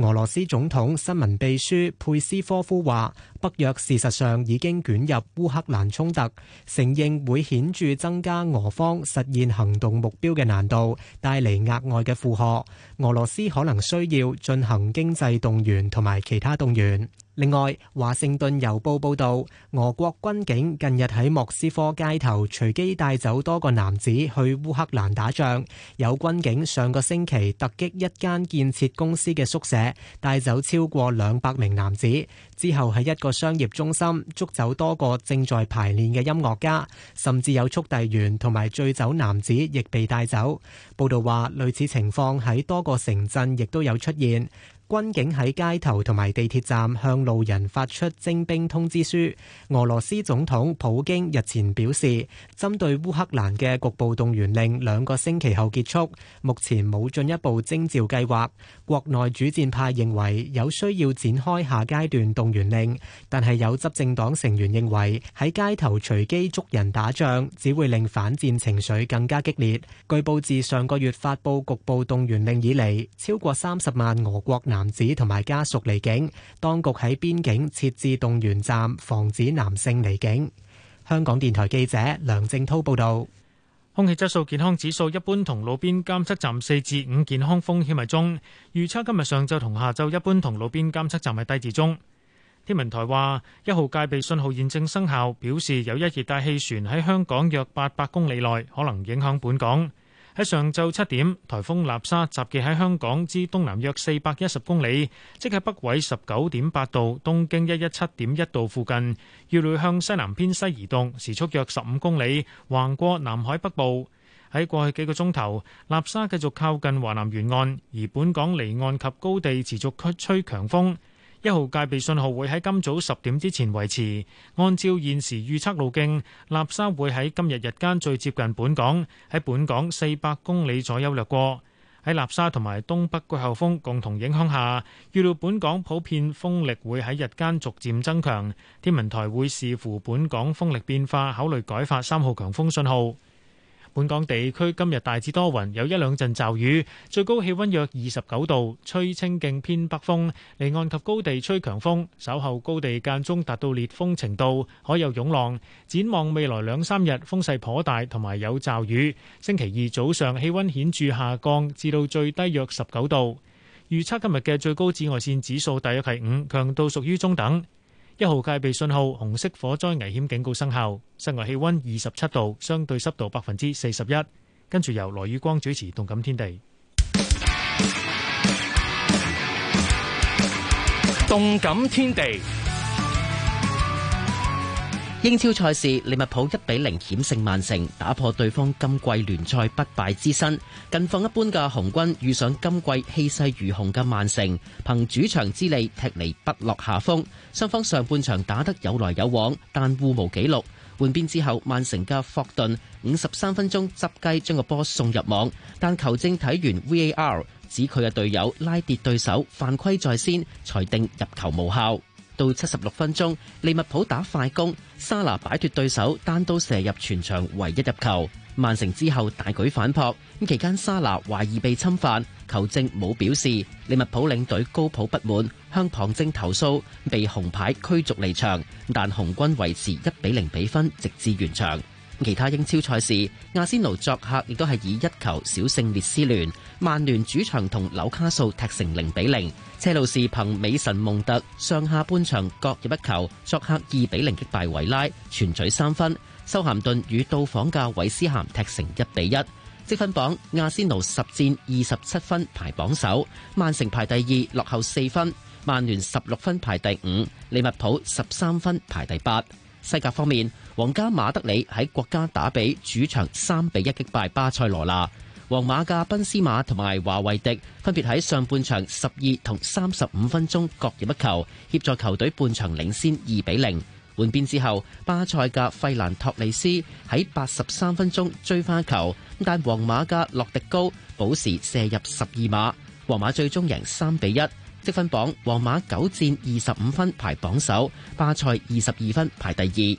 俄羅斯總統新聞秘書佩斯科夫話：北約事實上已經捲入烏克蘭衝突，承認會顯著增加俄方實現行動目標嘅難度，帶嚟額外嘅負荷。俄羅斯可能需要進行經濟動員同埋其他動員。另外，華盛頓郵報報導，俄國軍警近日喺莫斯科街頭隨機帶走多個男子去烏克蘭打仗。有軍警上個星期突擊一間建設公司嘅宿舍，帶走超過兩百名男子。之後喺一個商業中心捉走多個正在排練嘅音樂家，甚至有速遞員同埋醉酒男子亦被帶走。報導話，類似情況喺多個城鎮亦都有出現。軍警喺街頭同埋地鐵站向路人發出徵兵通知書。俄羅斯總統普京日前表示，針對烏克蘭嘅局部動員令兩個星期後結束，目前冇進一步徵召計劃。國內主戰派認為有需要展開下階段動員令，但係有執政黨成員認為喺街頭隨機捉人打仗，只會令反戰情緒更加激烈。據報自上個月發布局部動員令以嚟，超過三十萬俄國男男子同埋家屬離境，當局喺邊境設置動員站，防止男性離境。香港電台記者梁正濤報道。空氣質素健康指數一般同路邊監測站四至五，健康風險係中。預測今日上晝同下晝一般同路邊監測站係低至中。天文台話，一號戒備信號現正生效，表示有一熱帶氣旋喺香港約八百公里內，可能影響本港。喺上晝七點，颱風娜莎集結喺香港之東南約四百一十公里，即係北緯十九點八度、東經一一七點一度附近，預料向西南偏西移動，時速約十五公里，橫過南海北部。喺過去幾個鐘頭，娜莎繼續靠近華南沿岸，而本港離岸及高地持續吹強風。一號戒備信號會喺今早十點之前維持。按照現時預測路徑，納沙會喺今日日間最接近本港，喺本港四百公里左右掠過。喺納沙同埋東北季候風共同影響下，預料本港普遍風力會喺日間逐漸增強。天文台會視乎本港風力變化，考慮改發三號強風信號。本港地區今日大致多雲，有一兩陣驟雨，最高氣溫約二十九度，吹清勁偏北風，離岸及高地吹強風，稍後高地間中達到烈風程度，海有湧浪。展望未來兩三日，風勢頗大，同埋有驟雨。星期二早上氣溫顯著下降，至到最低約十九度。預測今日嘅最高紫外線指數大約係五，強度屬於中等。一號戒備信號，紅色火災危險警告生效。室外氣溫二十七度，相對濕度百分之四十一。跟住由羅宇光主持《動感天地》。《動感天地》。英超賽事利物浦，一比零險勝曼城，打破對方今季聯賽不敗之身。近況一般嘅紅軍遇上今季氣勢如虹嘅曼城，憑主場之利踢嚟不落下風。雙方上半場打得有來有往，但互無紀錄。換邊之後，曼城嘅霍頓五十三分鐘執雞將個波送入網，但球證睇完 VAR 指佢嘅隊友拉跌對手犯規在先，裁定入球無效。到七十六分鐘，利物浦打快攻，沙拿擺脱對手，單刀射入全場唯一入球。曼城之後大舉反撲，咁期間沙拿懷疑被侵犯，球證冇表示。利物浦領隊高普不滿，向旁證投訴，被紅牌驅逐離場。但紅軍維持一比零比分直至完場。其他英超賽事，亞仙奴作客亦都係以一球小勝列斯聯，曼聯主場同紐卡素踢成零比零。車路士憑美神蒙特上下半場各入一球，作客二比零擊敗維拉，全取三分。修咸頓與到訪嘅韋斯咸踢成一比一。積分榜：阿仙奴十戰二十七分排榜首，曼城排第二，落後四分。曼聯十六分排第五，利物浦十三分排第八。西甲方面，皇家馬德里喺國家打比主場三比一擊敗巴塞羅那。皇馬嘅賓斯馬同埋華維迪分別喺上半場十二同三十五分鐘各入一球，協助球隊半場領先二比零。換邊之後，巴塞嘅費蘭托利斯喺八十三分鐘追翻球，但皇馬嘅洛迪高補時射入十二碼，皇馬最終贏三比一。積分榜，皇馬九戰二十五分排榜首，巴塞二十二分排第二。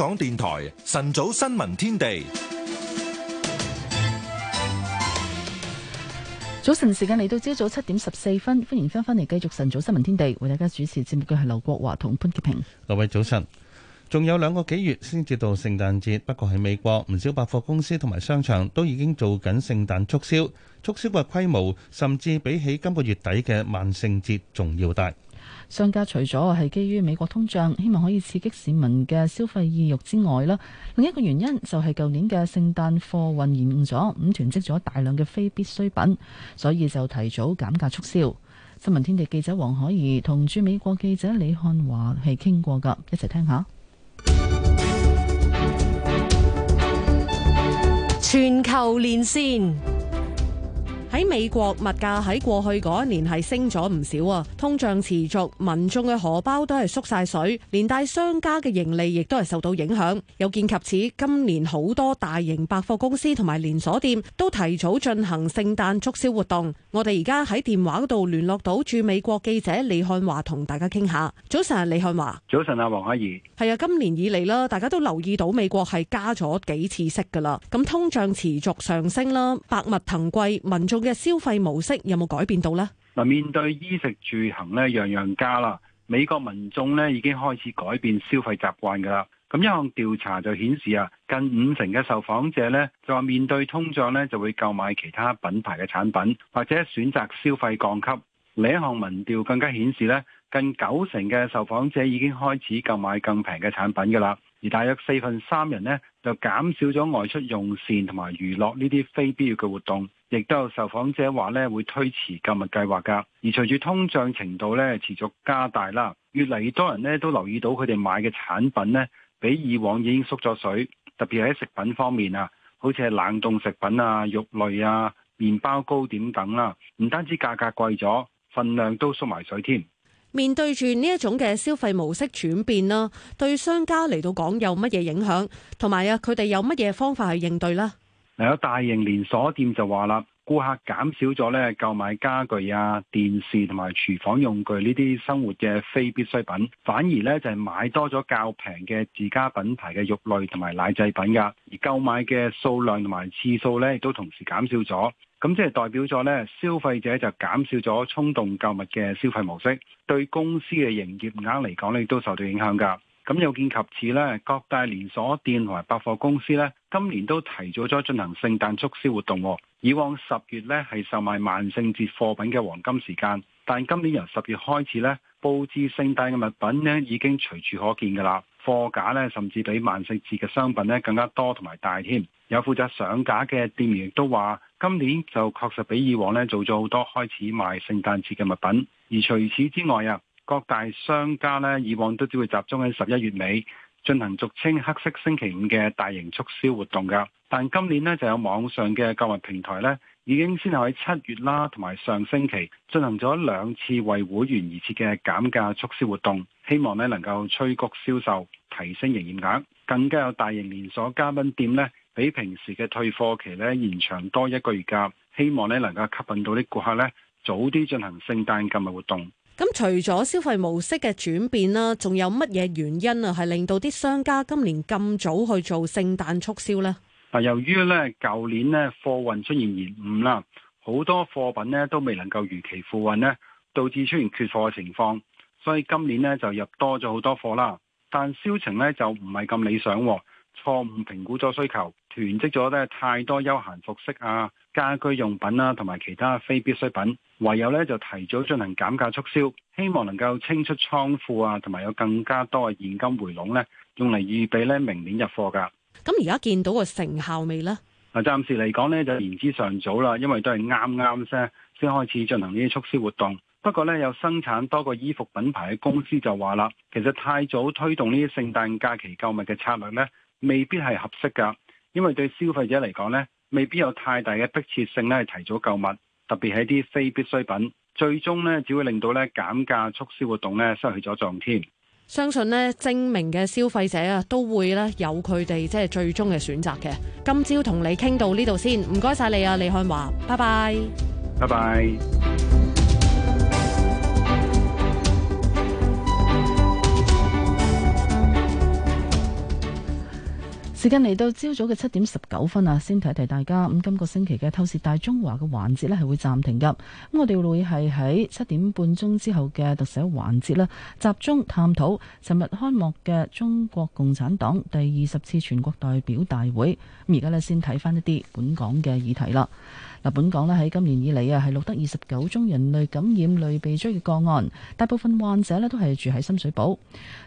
港電台晨早新聞天地，早晨時間嚟到朝早七點十四分，歡迎翻返嚟繼續晨早新聞天地，為大家主持節目嘅係劉國華同潘潔平。各位早晨，仲有兩個幾月先至到聖誕節，不過喺美國，唔少百貨公司同埋商場都已經做緊聖誕促銷，促銷嘅規模甚至比起今個月底嘅萬聖節仲要大。商家除咗係基於美國通脹，希望可以刺激市民嘅消費意欲之外啦，另一個原因就係舊年嘅聖誕貨運延誤咗，咁囤積咗大量嘅非必需品，所以就提早減價促銷。新聞天地記者黃可兒同駐美國記者李漢華係傾過噶，一齊聽下。全球連線。喺美國物價喺過去嗰一年係升咗唔少啊，通脹持續，民眾嘅荷包都係縮晒水，連帶商家嘅盈利亦都係受到影響。有見及此，今年好多大型百貨公司同埋連鎖店都提早進行聖誕促銷活動。我哋而家喺電話嗰度聯絡到駐美國記者李漢華同大家傾下。早晨，李漢華。早晨啊，黃阿姨。係啊，今年以嚟啦，大家都留意到美國係加咗幾次息噶啦。咁通脹持續上升啦，百物騰貴，民眾。嘅消費模式有冇改變到呢？嗱，面對衣食住行咧，樣樣加啦。美國民眾咧已經開始改變消費習慣噶啦。咁一項調查就顯示啊，近五成嘅受訪者咧就話面對通脹咧就會購買其他品牌嘅產品，或者選擇消費降級。另一項民調更加顯示咧，近九成嘅受訪者已經開始購買更平嘅產品噶啦。而大約四分三人呢，就減少咗外出用膳同埋娛樂呢啲非必要嘅活動，亦都有受訪者話呢會推遲購物計劃㗎。而隨住通脹程度咧持續加大啦，越嚟越多人呢都留意到佢哋買嘅產品呢，比以往已經縮咗水，特別喺食品方面啊，好似係冷凍食品啊、肉類啊、麵包糕點等啦、啊，唔單止價格貴咗，份量都縮埋水添。面對住呢一種嘅消費模式轉變啦，對商家嚟到講有乜嘢影響，同埋啊佢哋有乜嘢方法去應對呢？嗱，有大型連鎖店就話啦。顧客減少咗咧購買家具啊、電視同埋廚房用具呢啲生活嘅非必需品，反而咧就係買多咗較平嘅自家品牌嘅肉類同埋奶製品噶，而購買嘅數量同埋次數咧亦都同時減少咗，咁即係代表咗咧消費者就減少咗衝動購物嘅消費模式，對公司嘅營業額嚟講咧亦都受到影響噶。咁有見及此呢，各大連鎖店同埋百貨公司呢，今年都提早咗進行聖誕促銷活動。以往十月呢係售賣萬聖節貨品嘅黃金時間，但今年由十月開始呢，佈置聖誕嘅物品呢已經隨處可見㗎啦。貨架呢，甚至比萬聖節嘅商品呢更加多同埋大添。有負責上架嘅店員亦都話，今年就確實比以往呢做咗好多，開始賣聖誕節嘅物品。而除此之外啊～各大商家咧，以往都只會集中喺十一月尾進行俗稱黑色星期五嘅大型促銷活動㗎。但今年咧，就有網上嘅購物平台咧，已經先後喺七月啦，同埋上星期進行咗兩次為會員而設嘅減價促銷活動，希望咧能夠催谷銷售、提升營業額。更加有大型連鎖家品店咧，比平時嘅退貨期咧延長多一個月㗎，希望咧能夠吸引到啲顧客咧早啲進行聖誕購物活動。咁除咗消費模式嘅轉變啦，仲有乜嘢原因啊？係令到啲商家今年咁早去做聖誕促銷呢？啊，由於咧舊年咧貨運出現延誤啦，好多貨品咧都未能夠如期付運呢，導致出現缺貨嘅情況，所以今年咧就入多咗好多貨啦。但銷情咧就唔係咁理想，錯誤評估咗需求，囤積咗咧太多休閒服飾啊。家居用品啦，同埋其他非必需品，唯有咧就提早進行減價促銷，希望能夠清出倉庫啊，同埋有更加多嘅現金回籠咧，用嚟預備咧明年入貨噶。咁而家見到個成效未咧？嗱暫時嚟講咧就言之尚早啦，因為都係啱啱先先開始進行呢啲促銷活動。不過咧，有生產多個衣服品牌嘅公司就話啦，其實太早推動呢啲聖誕假期購物嘅策略咧，未必係合適噶，因為對消費者嚟講咧。未必有太大嘅迫切性咧，提早購物，特別係啲非必需品，最終呢只會令到呢減價促銷活動呢失去咗壯添。相信呢精明嘅消費者啊，都會咧有佢哋即係最終嘅選擇嘅。今朝同你傾到呢度先，唔該晒你啊，李漢華，拜拜，拜拜。時間嚟到朝早嘅七點十九分啊，先提提大家。咁今個星期嘅透視大中華嘅環節呢，係會暫停嘅。咁我哋會係喺七點半鐘之後嘅特寫環節啦，集中探討尋日開幕嘅中國共產黨第二十次全國代表大會。咁而家呢，先睇翻一啲本港嘅議題啦。嗱，本港咧喺今年以嚟啊，係錄得二十九宗人類感染類鼻疽嘅個案，大部分患者咧都係住喺深水埗。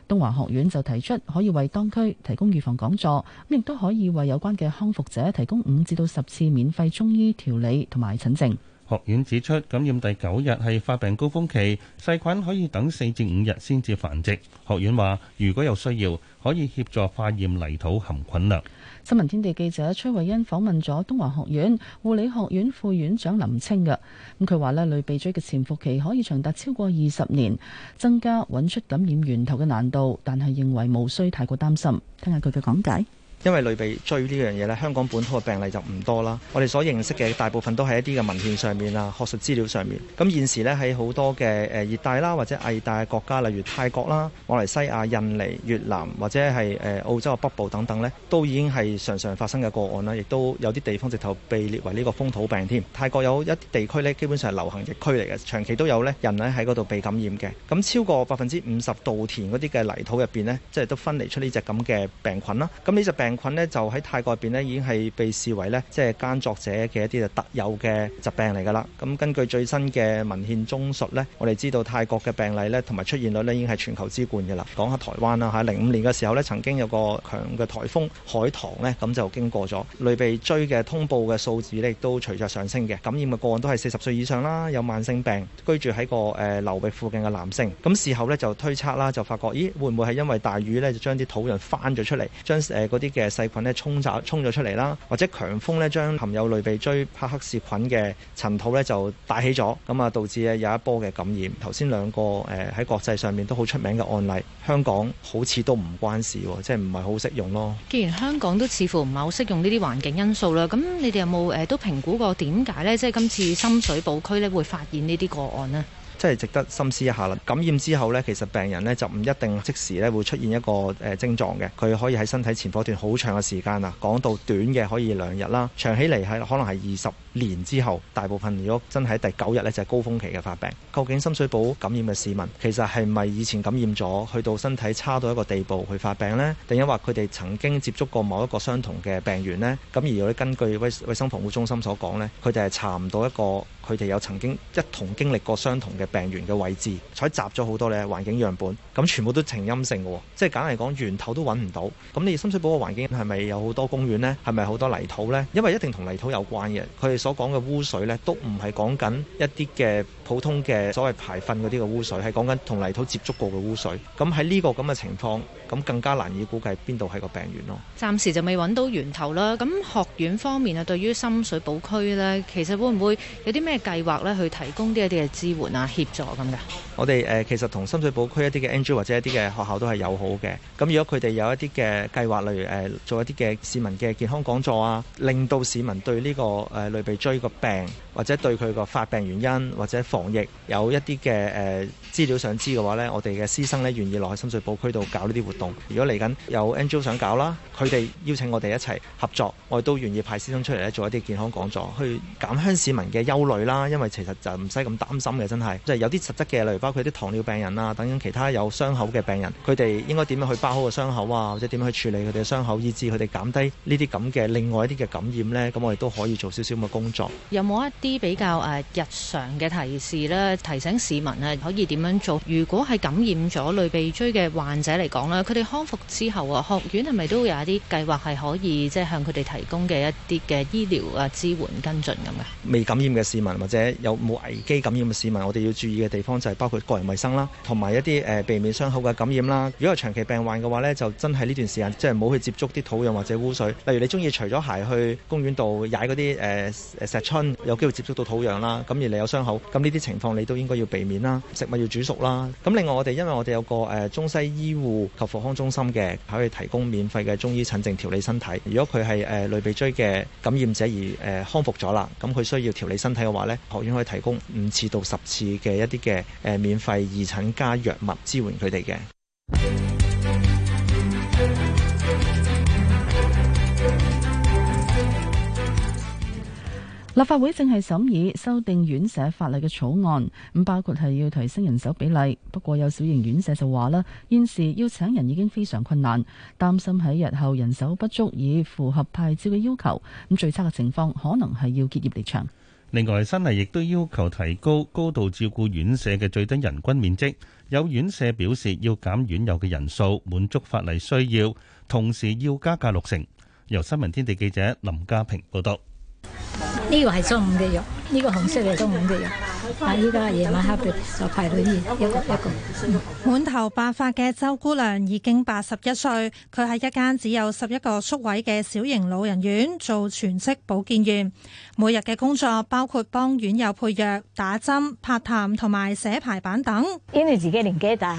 東華學院就提出可以為當區提供預防講座，咁亦都可以為有關嘅康復者提供五至到十次免費中醫調理同埋診症。學院指出，感染第九日係發病高峰期，細菌可以等四至五日先至繁殖。學院話，如果有需要，可以協助化驗泥土含菌量。新聞天地記者崔慧恩訪問咗東華學院護理學院副院長林清嘅，咁佢話呢類鼻疽嘅潛伏期可以長達超過二十年，增加揾出感染源頭嘅難度，但係認為無需太過擔心，聽下佢嘅講解。因為類鼻疽呢樣嘢咧，香港本土嘅病例就唔多啦。我哋所認識嘅大部分都係一啲嘅文獻上面啊、學術資料上面。咁現時呢，喺好多嘅誒熱帶啦或者亞熱帶嘅國家，例如泰國啦、馬來西亞、印尼、越南或者係誒澳洲嘅北部等等呢，都已經係常常發生嘅個案啦。亦都有啲地方直頭被列為呢個風土病添。泰國有一啲地區呢，基本上係流行疫區嚟嘅，長期都有呢人呢喺嗰度被感染嘅。咁超過百分之五十稻田嗰啲嘅泥土入邊呢，即係都分離出呢隻咁嘅病菌啦。咁呢隻病。菌呢就喺泰國入邊呢已經係被視為呢即係耕作者嘅一啲特有嘅疾病嚟㗎啦。咁根據最新嘅文獻綜述呢，我哋知道泰國嘅病例呢同埋出現率呢已經係全球之冠㗎啦。講下台灣啦嚇，零、啊、五年嘅時候呢曾經有個強嘅颱風海棠呢，咁就經過咗類被追嘅通報嘅數字呢都隨着上升，嘅感染嘅個案都係四十歲以上啦，有慢性病居住喺個誒、呃、流域附近嘅男性。咁事後呢就推測啦，就發覺咦會唔會係因為大雨呢，就將啲土壤翻咗出嚟，將誒嗰啲嘅嘅細菌咧沖走、沖咗出嚟啦，或者強風咧將含有類鼻疽伯克氏菌嘅塵土呢就帶起咗，咁啊導致誒有一波嘅感染。頭先兩個誒喺國際上面都好出名嘅案例，香港好似都唔關事，即係唔係好適用咯？既然香港都似乎唔係好適用呢啲環境因素咧，咁你哋有冇誒都評估過點解呢？即係今次深水埗區呢會發現呢啲個案呢？即係值得深思一下啦。感染之後呢，其實病人呢就唔一定即時呢會出現一個誒症狀嘅，佢可以喺身體潛伏一段好長嘅時間啊，講到短嘅可以兩日啦，長起嚟係可能係二十年之後，大部分如果真係第九日呢，就係高峰期嘅發病。究竟深水埗感染嘅市民，其實係咪以前感染咗，去到身體差到一個地步去發病呢？定抑或佢哋曾經接觸過某一個相同嘅病源呢？咁而家呢根據衛衞生防護中心所講呢，佢哋係查唔到一個佢哋有曾經一同經歷過相同嘅。病源嘅位置採集咗好多咧，環境樣本，咁全部都呈陰性嘅，哦，即係簡單嚟講源頭都揾唔到。咁你深水埗嘅環境係咪有好多公園呢？係咪好多泥土呢？因為一定同泥土有關嘅。佢哋所講嘅污水呢，都唔係講緊一啲嘅。普通嘅所謂排糞嗰啲嘅污水，係講緊同泥土接觸過嘅污水。咁喺呢個咁嘅情況，咁更加難以估計邊度係個病源咯。暫時就未揾到源頭啦。咁學院方面啊，對於深水埗區呢，其實會唔會有啲咩計劃咧，去提供啲一啲嘅支援啊、協助咁嘅？我哋誒其實同深水埗區一啲嘅 NGO 或者一啲嘅學校都係友好嘅。咁如果佢哋有一啲嘅計劃，例如誒做一啲嘅市民嘅健康講座啊，令到市民對呢個誒類鼻疽個病或者對佢個發病原因或者防疫有一啲嘅誒資料想知嘅話，咧，我哋嘅師生咧願意落去深水埗區度搞呢啲活動。如果嚟緊有 NGO 想搞啦，佢哋邀請我哋一齊合作，我哋都願意派師生出嚟咧做一啲健康講座，去減輕市民嘅憂慮啦。因為其實就唔使咁擔心嘅，真係即係有啲實質嘅，例如包括啲糖尿病人啊，等等其他有傷口嘅病人，佢哋應該點樣去包好個傷口啊，或者點樣去處理佢哋嘅傷口，以至佢哋減低呢啲咁嘅另外一啲嘅感染咧，咁我哋都可以做少少咁嘅工作。有冇一啲比較誒日常嘅提議？事咧提醒市民啊，可以點樣做？如果係感染咗類鼻疽嘅患者嚟講咧，佢哋康復之後啊，學院係咪都會有一啲計劃係可以即係向佢哋提供嘅一啲嘅醫療啊支援跟進咁啊？未感染嘅市民或者有冇危機感染嘅市民，我哋要注意嘅地方就係包括個人衞生啦，同埋一啲誒避免傷口嘅感染啦。如果係長期病患嘅話咧，就真係呢段時間即係唔好去接觸啲土壤或者污水。例如你中意除咗鞋去公園度踩嗰啲誒誒石春，有機會接觸到土壤啦。咁而你有傷口，咁你。啲情況你都應該要避免啦，食物要煮熟啦。咁另外我哋因為我哋有個誒中西醫護及復康中心嘅，可以提供免費嘅中醫診症調理身體。如果佢係誒類鼻疽嘅感染者而誒康復咗啦，咁佢需要調理身體嘅話呢，學院可以提供五次到十次嘅一啲嘅誒免費義診加藥物支援佢哋嘅。立法會正係審議修訂院舍法例嘅草案，咁包括係要提升人手比例。不過有小型院舍就話啦，現時要請人已經非常困難，擔心喺日後人手不足，以符合牌照嘅要求。咁最差嘅情況可能係要結業離場。另外，新例亦都要求提高高度照顧院舍嘅最低人均面積。有院舍表示要減院友嘅人數，滿足法例需要，同時要加價六成。由新聞天地記者林家平報道。呢個係中午嘅藥，呢、這個紅色係中午嘅藥。啊，依家夜晚黑就排隊，二一個一個。滿、嗯、頭白髮嘅周姑娘已經八十一歲，佢喺一間只有十一個宿位嘅小型老人院做全職保健員，每日嘅工作包括幫院友配藥、打針、拍痰同埋寫牌板等。因為自己年紀大。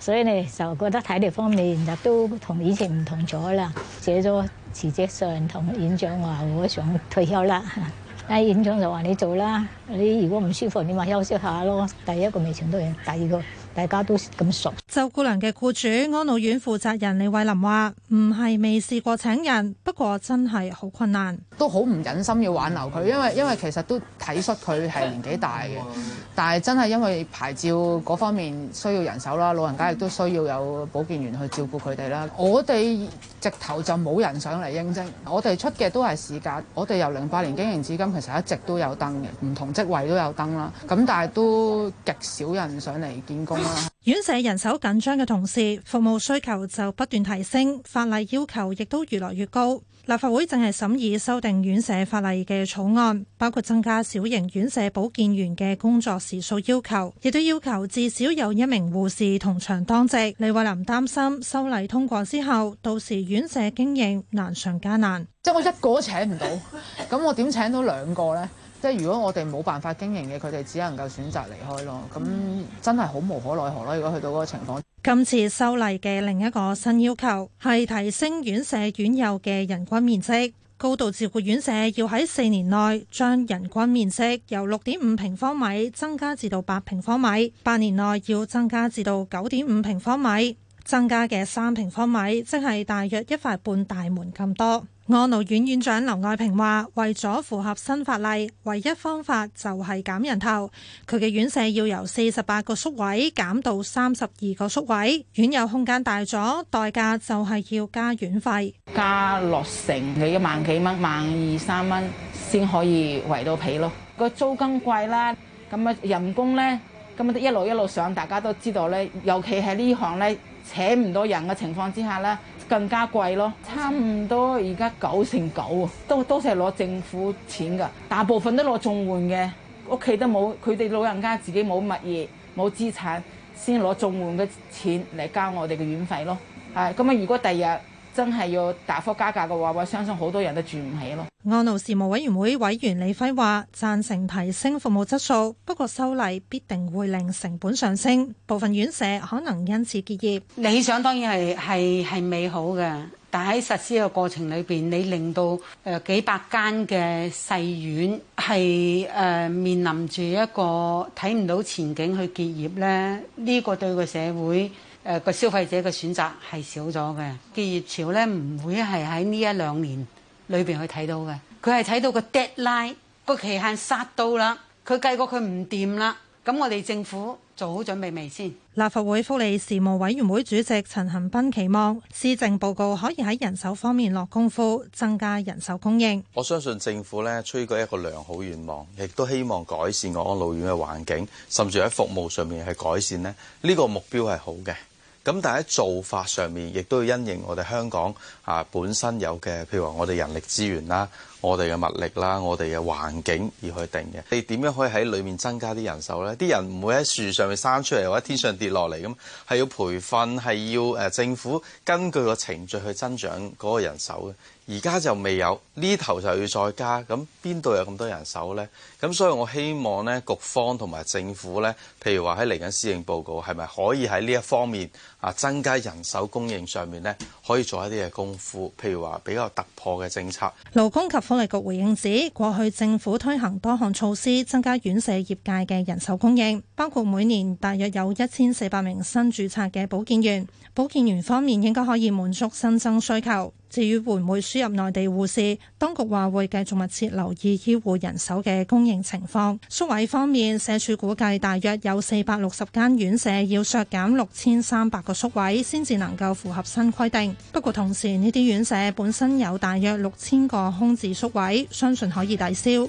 所以咧就覺得體力方面就都同以前唔同咗啦，寫咗辭職信同院長話我想退休啦，誒 院長就話你做啦，你如果唔舒服你咪休息下咯。第一個未請到人，第二個。大家都咁熟，周姑娘嘅僱主安老院負責人李慧琳話：唔係未試過請人，不過真係好困難，都好唔忍心要挽留佢，因為因為其實都睇出佢係年紀大嘅，但係真係因為牌照嗰方面需要人手啦，老人家亦都需要有保健員去照顧佢哋啦。我哋直頭就冇人上嚟應徵，我哋出嘅都係市價，我哋由零八年經營至今，其實一直都有登嘅，唔同職位都有登啦，咁但係都極少人上嚟見工。院舍人手緊張嘅同時，服務需求就不斷提升，法例要求亦都越來越高。立法會正係審議修訂院舍法例嘅草案，包括增加小型院舍保健員嘅工作時數要求，亦都要求至少有一名護士同場當值。李慧林擔心修例通過之後，到時院舍經營難上加難。即 我一個都請唔到，咁我點請到兩個呢？即係如果我哋冇辦法經營嘅，佢哋只能夠選擇離開咯。咁真係好無可奈何咯。如果去到嗰個情況，今次修例嘅另一個新要求係提升院舍院友嘅人均面積，高度照顧院舍要喺四年內將人均面積由六點五平方米增加至到八平方米，八年內要增加至到九點五平方米。增加嘅三平方米，即係大約一塊半大門咁多。安老院院長劉愛平話：為咗符合新法例，唯一方法就係減人頭。佢嘅院舍要由四十八個宿位減到三十二個宿位，院有空間大咗，代價就係要加院費，加落成，你一萬幾蚊、萬二三蚊先可以圍到皮咯。個租金貴啦，咁啊人工咧，咁啊一路一路上，大家都知道咧，尤其喺呢行咧，請唔到人嘅情況之下咧。更加貴咯，差唔多而家九成九喎，都都淨係攞政府錢噶，大部分都攞綜援嘅屋企都冇，佢哋老人家自己冇物業冇資產，先攞綜援嘅錢嚟交我哋嘅院費咯。啊，咁啊，如果第日。真係要大幅加價嘅話，我相信好多人都住唔起咯。安老事務委員會委員李輝話，贊成提升服務質素，不過修例必定會令成本上升，部分院舍可能因此結業。理想當然係係係美好嘅，但喺實施嘅過程裏邊，你令到誒幾百間嘅細院係誒、呃、面臨住一個睇唔到前景去結業咧，呢、這個對個社會。誒個消費者嘅選擇係少咗嘅，嘅熱潮咧，唔會係喺呢一兩年裏邊去睇到嘅，佢係睇到個 deadline 個期限殺到啦，佢計過佢唔掂啦，咁我哋政府做好準備未先？立法會福利事務委員會主席陳恒斌期望施政報告可以喺人手方面落功夫，增加人手供應。我相信政府咧，出於一個良好願望，亦都希望改善我安老院嘅環境，甚至喺服務上面係改善呢。呢、呢個目標係好嘅。咁但係喺做法上面，亦都要因應我哋香港啊本身有嘅，譬如話我哋人力資源啦、我哋嘅物力啦、我哋嘅環境而去定嘅。你點樣可以喺裏面增加啲人手呢？啲人唔會喺樹上面生出嚟，或者天上跌落嚟咁，係要培訓，係要誒政府根據個程序去增長嗰個人手嘅。而家就未有呢頭就要再加，咁邊度有咁多人手咧？咁所以我希望咧，局方同埋政府咧，譬如話喺嚟緊施政報告，係咪可以喺呢一方面啊增加人手供應上面咧，可以做一啲嘅功夫，譬如話比較突破嘅政策。勞工及福利局回應指，過去政府推行多項措施，增加院舍業界嘅人手供應，包括每年大約有一千四百名新註冊嘅保健員，保健員方面應該可以滿足新增需求。至於會唔會輸入內地護士，當局話會繼續密切留意醫護人手嘅供應情況。宿位方面，社署估計大約有四百六十間院舍要削減六千三百個宿位，先至能夠符合新規定。不過同時，呢啲院舍本身有大約六千個空置宿位，相信可以抵消。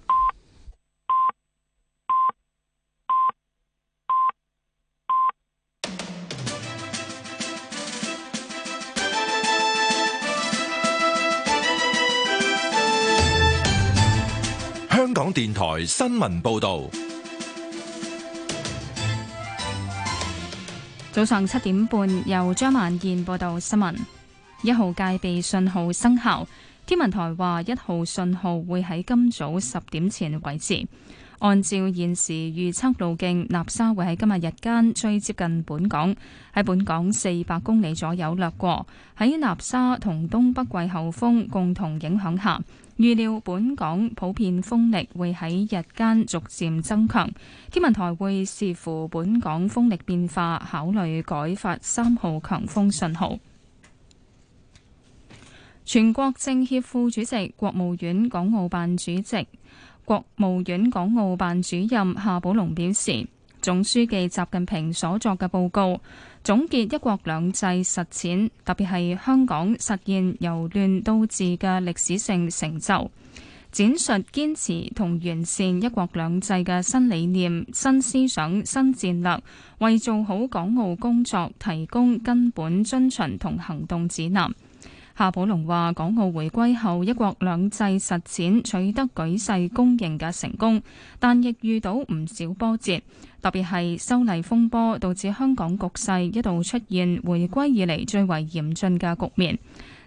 香港電台新聞報道，早上七點半由張曼燕報道新聞。一號戒備信號生效，天文台話一號信號會喺今早十點前維持。按照現時預測路徑，納沙會喺今日日間最接近本港，喺本港四百公里左右掠過。喺納沙同東北季候風共同影響下，預料本港普遍風力會喺日間逐漸增強，天文台會視乎本港風力變化，考慮改發三號強風信號。全國政協副主席、國務院港澳辦主席、國務院港澳辦主任夏寶龍表示，總書記習近平所作嘅報告。總結一國兩制實踐，特別係香港實現由亂到治嘅歷史性成就，展述堅持同完善一國兩制嘅新理念、新思想、新戰略，為做好港澳工作提供根本遵循同行動指南。夏寶龍話，港澳回歸後一國兩制實踐取得舉世公認嘅成功，但亦遇到唔少波折，特別係修例風波，導致香港局勢一度出現回歸以嚟最為嚴峻嘅局面。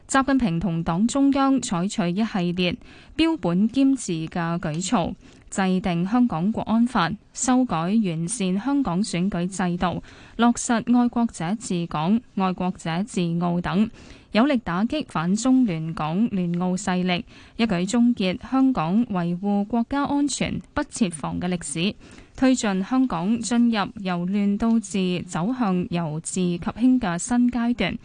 習近平同黨中央採取一系列標本兼治嘅舉措，制定香港國安法，修改完善香港選舉制度，落實愛國者治港、愛國者治澳等。有力打擊反中亂港亂澳勢力，一舉終結香港維護國家安全不設防嘅歷史，推進香港進入由亂到治走向由治及興嘅新階段。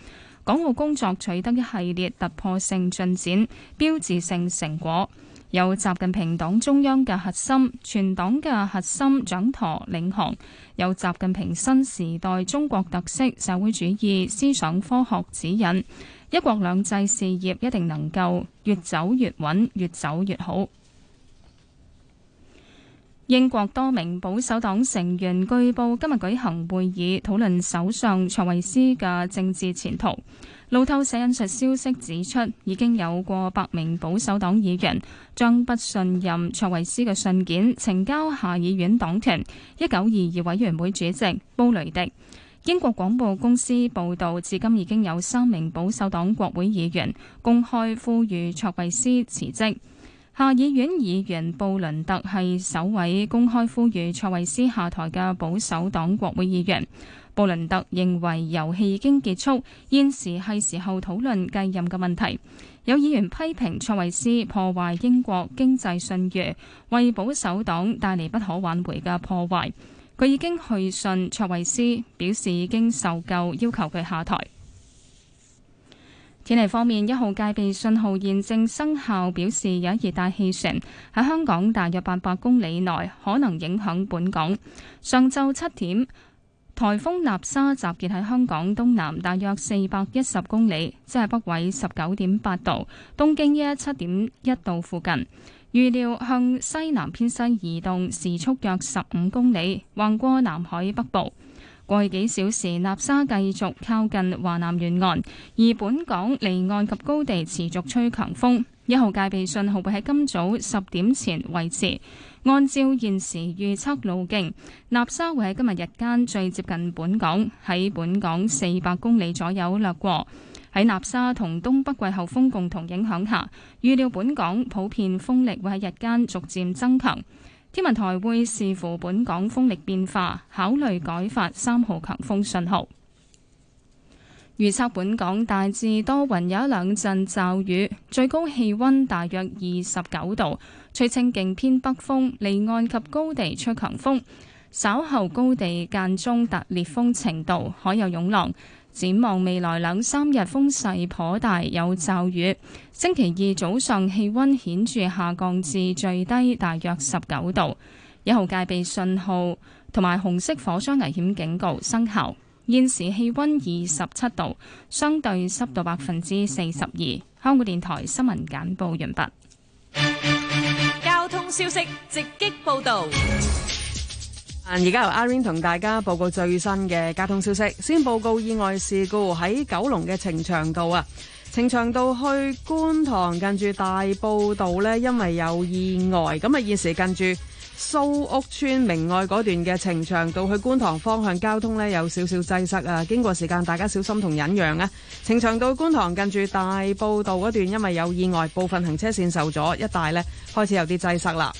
港澳工作取得一系列突破性進展、標誌性成果，有習近平黨中央嘅核心、全黨嘅核心掌舵領航，有習近平新時代中國特色社會主義思想科學指引。一國兩制事業一定能夠越走越穩，越走越好。英國多名保守黨成員據報今日舉行會議，討論首相卓維斯嘅政治前途。路透社引述消息指出，已經有過百名保守黨議員將不信任卓維斯嘅信件呈交下議院黨團一九二二委員會主席布雷迪。英國廣播公司報道，至今已經有三名保守黨國會議員公開呼籲卓慧思辭職。下議院議員布倫特係首位公開呼籲卓慧思下台嘅保守黨國會議員。布倫特認為遊戲已經結束，現時係時候討論繼任嘅問題。有議員批評卓慧思破壞英國經濟信譽，為保守黨帶嚟不可挽回嘅破壞。佢已經去信卓慧思，表示已經受夠，要求佢下台。天氣方面，一號戒備信號現正生效，表示有一熱帶氣旋喺香港大約八百公里內可能影響本港。上晝七點，颱風納沙集結喺香港東南大約四百一十公里，即係北緯十九點八度，東經一一七點一度附近。預料向西南偏西移動，時速約十五公里，橫過南海北部。過去幾小時，納沙繼續靠近華南沿岸，而本港離岸及高地持續吹強風。一號戒備信號會喺今早十點前維持。按照現時預測路徑，納沙會喺今日日間最接近本港，喺本港四百公里左右掠過。喺納沙同東北季候風共同影響下，預料本港普遍風力會喺日間逐漸增強。天文台會視乎本港風力變化，考慮改發三號強風信號。預測本港大致多雲，有一兩陣驟雨，最高氣温大約二十九度。吹清勁偏北風，離岸及高地吹強風，稍後高地間中達烈風程度，海有湧浪。展望未來兩三日風勢頗大，有驟雨。星期二早上氣温顯著下降至最低，大約十九度。一號戒備信號同埋紅色火災危險警告生效。現時氣温二十七度，相對濕度百分之四十二。香港電台新聞簡報完畢。交通消息直擊報導。而家由阿 Rain 同大家報告最新嘅交通消息。先報告意外事故，喺九龍嘅呈祥道啊，呈祥道去觀塘近住大埔道呢，因為有意外，咁啊現時近住蘇屋村明愛嗰段嘅呈祥道去觀塘方向交通呢，有少少擠塞啊。經過時間，大家小心同忍讓啊。呈祥道觀塘近住大埔道嗰段，因為有意外，部分行車線受阻，一帶呢開始有啲擠塞啦。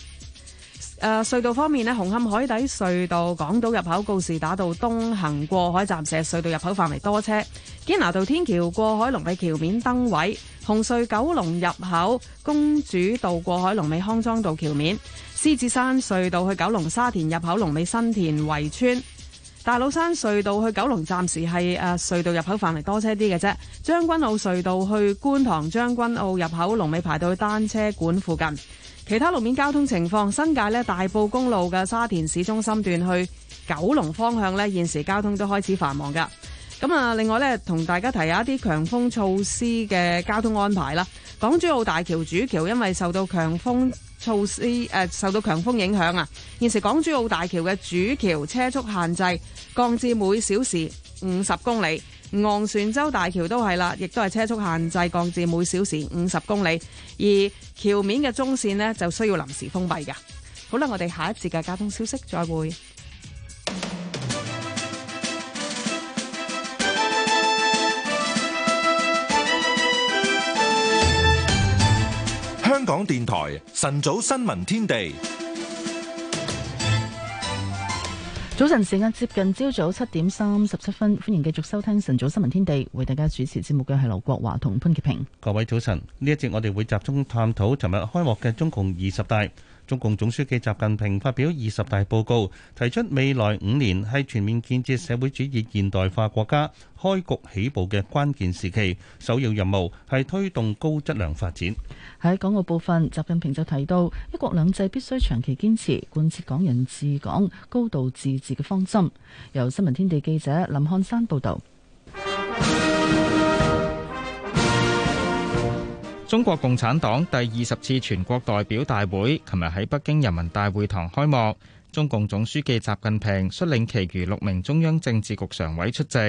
誒，隧道方面咧，紅磡海底隧道港島入口告士打道東行過海暫時係隧道入口範圍多車，堅拿道天橋過海龍尾橋面燈位，紅隧九龍入口公主道過海龍尾康莊道橋面，獅子山隧道去九龍沙田入口龍尾新田圍村，大老山隧道去九龍暫時係誒隧道入口範圍多車啲嘅啫，將軍澳隧道去觀塘將軍澳入口龍尾排到去單車館附近。其他路面交通情況，新界咧大埔公路嘅沙田市中心段去九龍方向咧，現時交通都開始繁忙噶。咁啊，另外咧同大家提一下一啲強風措施嘅交通安排啦。港珠澳大橋主橋因為受到強風措施誒、呃、受到強風影響啊，現時港珠澳大橋嘅主橋車速限制降至每小時五十公里。昂船洲大橋都係啦，亦都係車速限制降至每小時五十公里。而橋面嘅中線咧就需要臨時封閉㗎。好啦，我哋下一節嘅交通消息再會。香港電台晨早新聞天地。早晨時間接近朝早七點三十七分，歡迎繼續收聽晨早新聞天地，為大家主持節目嘅係劉國華同潘潔平。各位早晨，呢一節我哋會集中探討尋日開幕嘅中共二十大。中共總書記習近平發表二十大報告，提出未來五年係全面建設社會主義現代化國家開局起步嘅關鍵時期，首要任務係推動高質量發展。喺港澳部分，習近平就提到，一國兩制必須長期堅持貫徹港人治港、高度自治嘅方針。由新聞天地記者林漢山報導。中國共產黨第二十次全國代表大會琴日喺北京人民大會堂開幕，中共總書記習近平率領其餘六名中央政治局常委出席。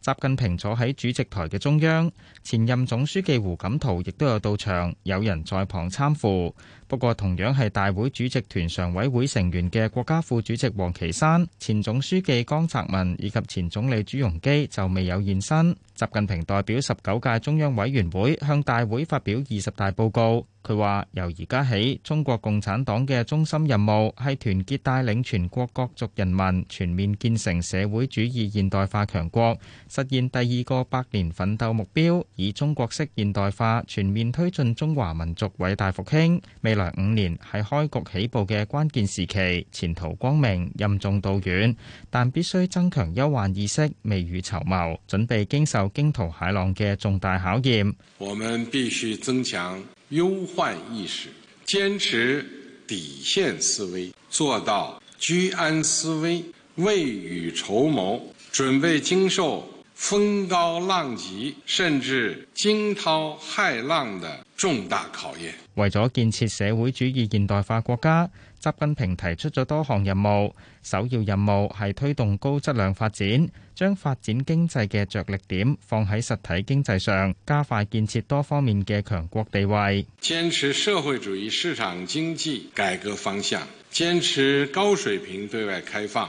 習近平坐喺主席台嘅中央，前任總書記胡錦濤亦都有到場，有人在旁攙扶。不過，同樣係大會主席團常委會成員嘅國家副主席王岐山、前總書記江澤民以及前總理朱鎔基就未有現身。習近平代表十九屆中央委員會向大會發表二十大報告。佢話：由而家起，中國共產黨嘅中心任務係團結帶領全國各族人民全面建成社會主義現代化強國，實現第二個百年奮鬥目標，以中國式現代化全面推進中華民族偉大復興。未五年係開局起步嘅關鍵時期，前途光明，任重道遠，但必須增強憂患意識，未雨綢繆，準備經受驚濤駭浪嘅重大考驗。我們必須增強憂患意識，堅持底線思維，做到居安思危、未雨綢繆，準備經受風高浪急甚至驚濤駭浪的。重大考驗。為咗建設社會主義現代化國家，習近平提出咗多項任務，首要任務係推動高質量發展，將發展經濟嘅着力點放喺實體經濟上，加快建設多方面嘅強國地位。堅持社會主義市場經濟改革方向，堅持高水平對外開放。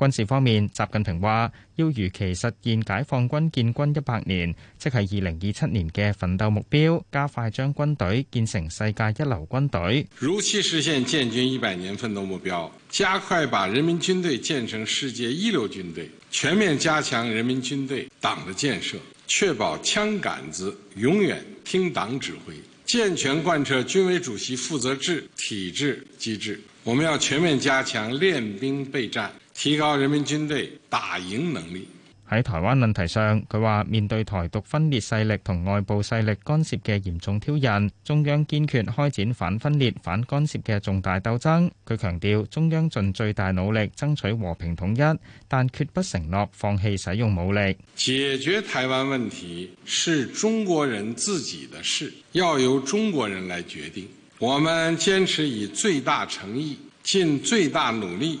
軍事方面，習近平話要如期實現解放軍建軍一百年，即係二零二七年嘅奮鬥目標，加快將軍隊建成世界一流軍隊。如期實現建軍一百年奮鬥目標，加快把人民軍隊建成世界一流軍隊，全面加強人民軍隊黨的建設，確保槍桿子永遠聽黨指揮，健全貫徹軍委主席負責制體制機制。我們要全面加強練兵備戰。提高人民軍隊打贏能力。喺台灣問題上，佢話面對台獨分裂勢力同外部勢力干涉嘅嚴重挑釁，中央堅決開展反分裂、反干涉嘅重大鬥爭。佢強調，中央盡最大努力爭取和平統一，但決不承諾放棄使用武力。解決台灣問題是中國人自己的事，要由中國人來決定。我們堅持以最大誠意，盡最大努力。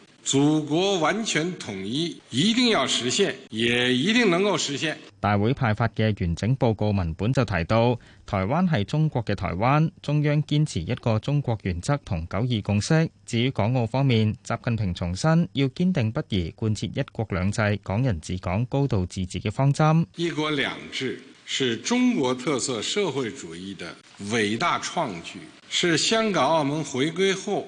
祖國完全統一一定要實現，也一定能夠實現。大會派發嘅完整報告文本就提到，台灣係中國嘅台灣，中央堅持一個中國原則同九二共識。至於港澳方面，習近平重申要堅定不移貫徹一國兩制、港人治港、高度自治嘅方針，一國兩制係中國特色社會主義嘅偉大創舉，係香港、澳門回歸後，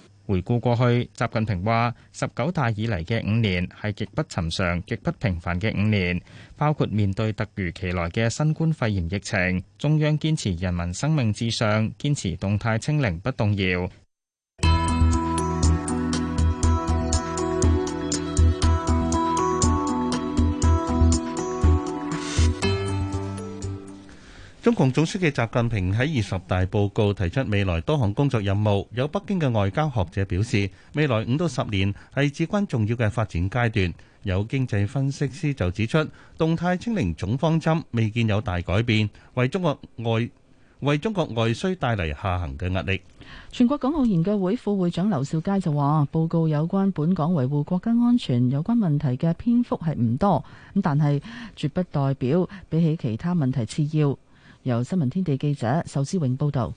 回顧過去，習近平話，十九大以來嘅五年係極不尋常、極不平凡嘅五年，包括面對突如其來嘅新冠肺炎疫情，中央堅持人民生命至上，堅持動態清零不動搖。中共總書記習近平喺二十大報告提出未來多項工作任務。有北京嘅外交學者表示，未來五到十年係至關重要嘅發展階段。有經濟分析師就指出，動態清零總方針未見有大改變，為中國外為中國外需帶嚟下行嘅壓力。全國港澳研究會副會長劉兆佳就話，報告有關本港維護國家安全有關問題嘅篇幅係唔多，咁但係絕不代表比起其他問題次要。由新聞天地記者壽思永報道。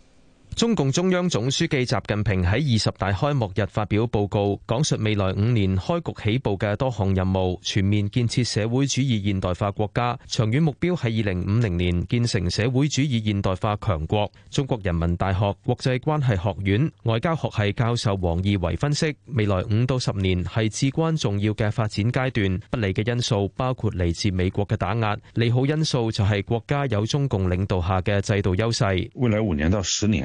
中共中央總書記習近平喺二十大開幕日發表報告，講述未來五年開局起步嘅多項任務，全面建設社會主義現代化國家，長遠目標係二零五零年建成社會主義現代化強國。中國人民大學國際關係學院外交學系教授王義維分析，未來五到十年係至關重要嘅發展階段，不利嘅因素包括嚟自美國嘅打壓，利好因素就係國家有中共領導下嘅制度優勢。未來五年到十年。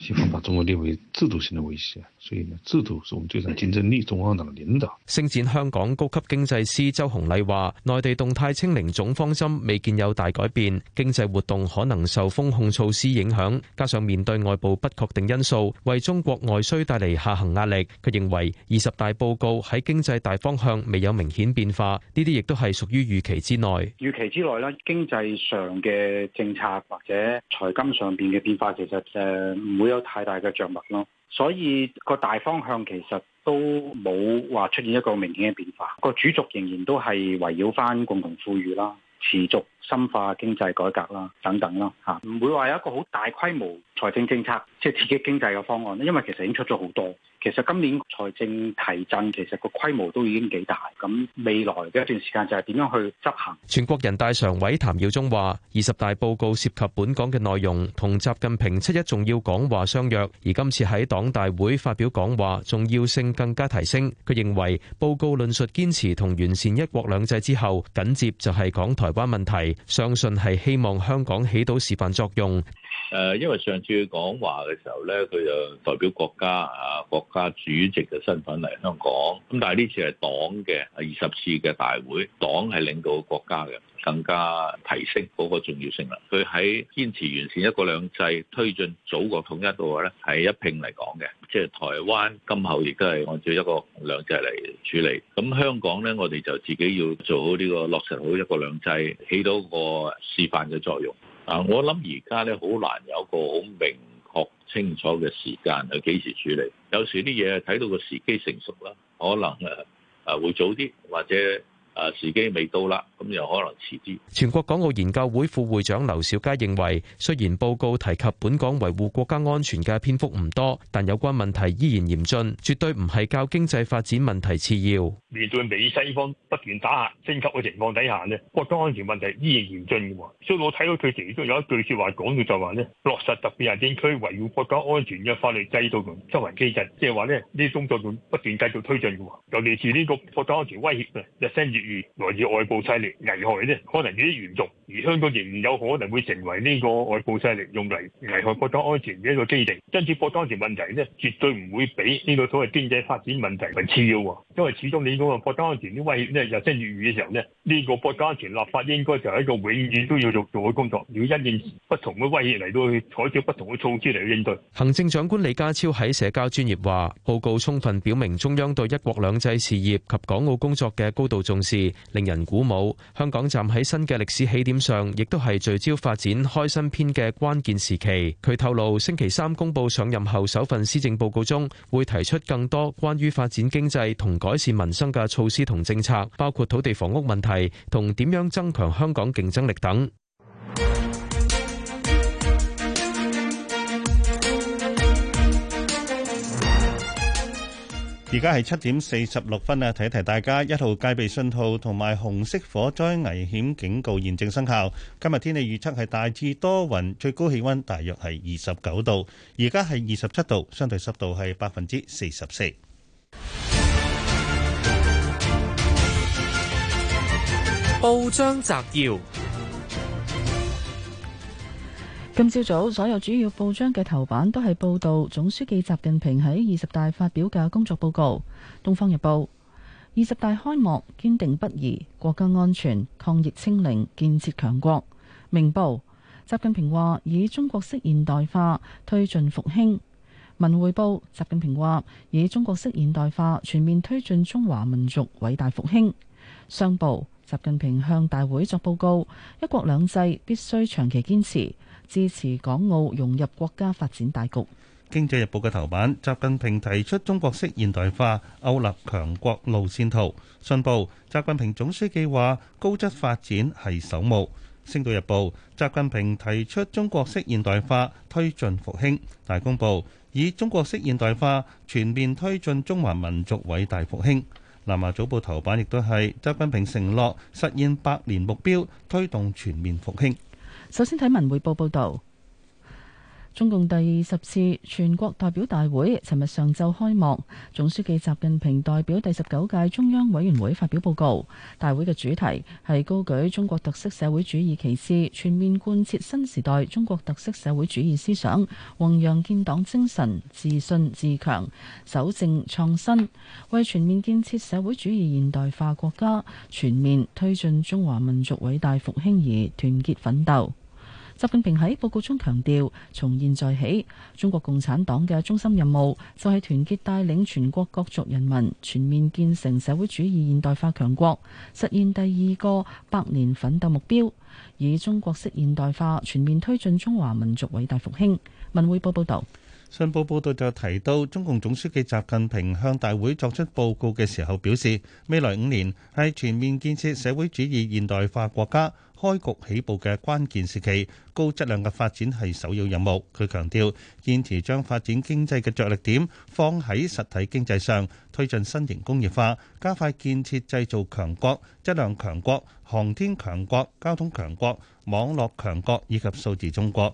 希望把中國列為制度性的威脅，所以呢制度是我們最大競爭力，中共黨領導。星展香港高級經濟師周洪禮話：內地動態清零總方針未見有大改變，經濟活動可能受風控措施影響，加上面對外部不確定因素，為中國外需帶嚟下行壓力。佢認為二十大報告喺經濟大方向未有明顯變化，呢啲亦都係屬於預期之內。預期之內啦，經濟上嘅政策或者財金上邊嘅變化，其實誒唔會。有太大嘅障物咯，所以個大方向其實都冇話出現一個明顯嘅變化，個主軸仍然都係圍繞翻共同富裕啦，持續。深化經濟改革啦，等等啦，嚇，唔會話有一個好大規模財政政策，即係刺激經濟嘅方案咧。因為其實已經出咗好多，其實今年財政提振其實個規模都已經幾大。咁未來嘅一段時間就係點樣去執行？全國人大常委譚耀宗話，二十大報告涉及本港嘅內容同習近平七一重要講話相若，而今次喺黨大會發表講話，重要性更加提升。佢認為報告論述堅持同完善一國兩制之後，緊接就係講台灣問題。相信係希望香港起到示範作用。誒，因為上次佢講話嘅時候咧，佢就代表國家啊，國家主席嘅身份嚟香港。咁但係呢次係黨嘅二十次嘅大會，黨係領導國家嘅，更加提升嗰個重要性啦。佢喺堅持完善一國兩制、推進祖國統一嘅話咧，係一併嚟講嘅，即係台灣今後亦都係按照一國兩制嚟處理。咁香港咧，我哋就自己要做好呢個落實好一國兩制，起到個示範嘅作用。我諗而家呢，好難有個好明確清楚嘅時間去幾時處理，有時啲嘢睇到個時機成熟啦，可能誒會早啲或者。誒時機未到啦，咁又可能遲啲。全國港澳研究會副會長劉兆佳認為，雖然報告提及本港維護國家安全嘅篇幅唔多，但有關問題依然嚴峻，絕對唔係較經濟發展問題次要。面對美西方不斷打壓、升級嘅情況底下呢，國家安全問題依然嚴峻嘅，所以我睇到佢其中有一句説話講嘅就話呢，落實特別行政區維護國家安全嘅法律制度同執行機制，即係話咧，呢啲工作仲不斷繼續推進，尤其係呢個國家安全威脅嘅而來自外部勢力危害咧，可能有啲嚴重。而香港仍然有可能會成為呢個外部勢力用嚟危害國家安全嘅一個基地。因此，國家安全問題咧，絕對唔會比呢個所謂經濟發展問題為次要。因為始終你講國家安全啲威脅呢，即係日新月異嘅時候咧，呢、這個國家安全立法應該就係一個永遠都要做做嘅工作。要因應不同嘅威脅嚟到去採取不同嘅措施嚟去應對。行政長官李家超喺社交專頁話：報告充分表明中央對一國兩制事業及港澳工作嘅高度重視。令人鼓舞，香港站喺新嘅歷史起點上，亦都係聚焦發展開新篇嘅關鍵時期。佢透露，星期三公布上任後首份施政報告中，會提出更多關於發展經濟同改善民生嘅措施同政策，包括土地房屋問題同點樣增強香港競爭力等。而家係七點四十六分啊！提一提大家，一號戒備信號同埋紅色火災危險警告現正生效。今日天氣預測係大致多雲，最高氣溫大約係二十九度。而家係二十七度，相對濕度係百分之四十四。報章摘要。今朝早，所有主要報章嘅頭版都係報道總書記習近平喺二十大發表嘅工作報告。《東方日報》：二十大開幕，堅定不移國家安全抗疫清零建設強國。《明報》：習近平話以中國式現代化推進復興。《文匯報》：習近平話以中國式現代化全面推進中華民族偉大復興。《商報》：習近平向大會作報告，一國兩制必須長期堅持。支持港澳融入國家發展大局。經濟日報嘅頭版，習近平提出中國式現代化，勾勒強國路線圖。信報，習近平總書記話，高質發展係首務。星島日報，習近平提出中國式現代化，推進復興。大公報，以中國式現代化全面推進中華民族偉大復興。南華早報頭版亦都係習近平承諾實現百年目標，推動全面復興。首先睇文匯報報道。中共第二十次全國代表大會尋日上晝開幕，總書記習近平代表第十九屆中央委員會發表報告。大會嘅主題係高舉中國特色社會主義旗幟，全面貫徹新時代中國特色社會主義思想，弘揚建黨精神，自信自強守正創新，為全面建設社會主義現代化國家、全面推進中華民族偉大復興而團結奮鬥。習近平喺報告中強調，從現在起，中國共產黨嘅中心任務就係團結帶領全國各族人民全面建成社會主義現代化強國，實現第二個百年奮鬥目標，以中國式現代化全面推進中華民族偉大復興。文匯報報道，信報報道就提到，中共總書記習近平向大會作出報告嘅時候表示，未來五年係全面建設社會主義現代化國家開局起步嘅關鍵時期，高質量嘅發展係首要任務。佢強調，堅持將發展經濟嘅着力點放喺實體經濟上，推進新型工業化，加快建設製造強國、質量強國、航天強國、交通強國、網絡強國以及數字中國。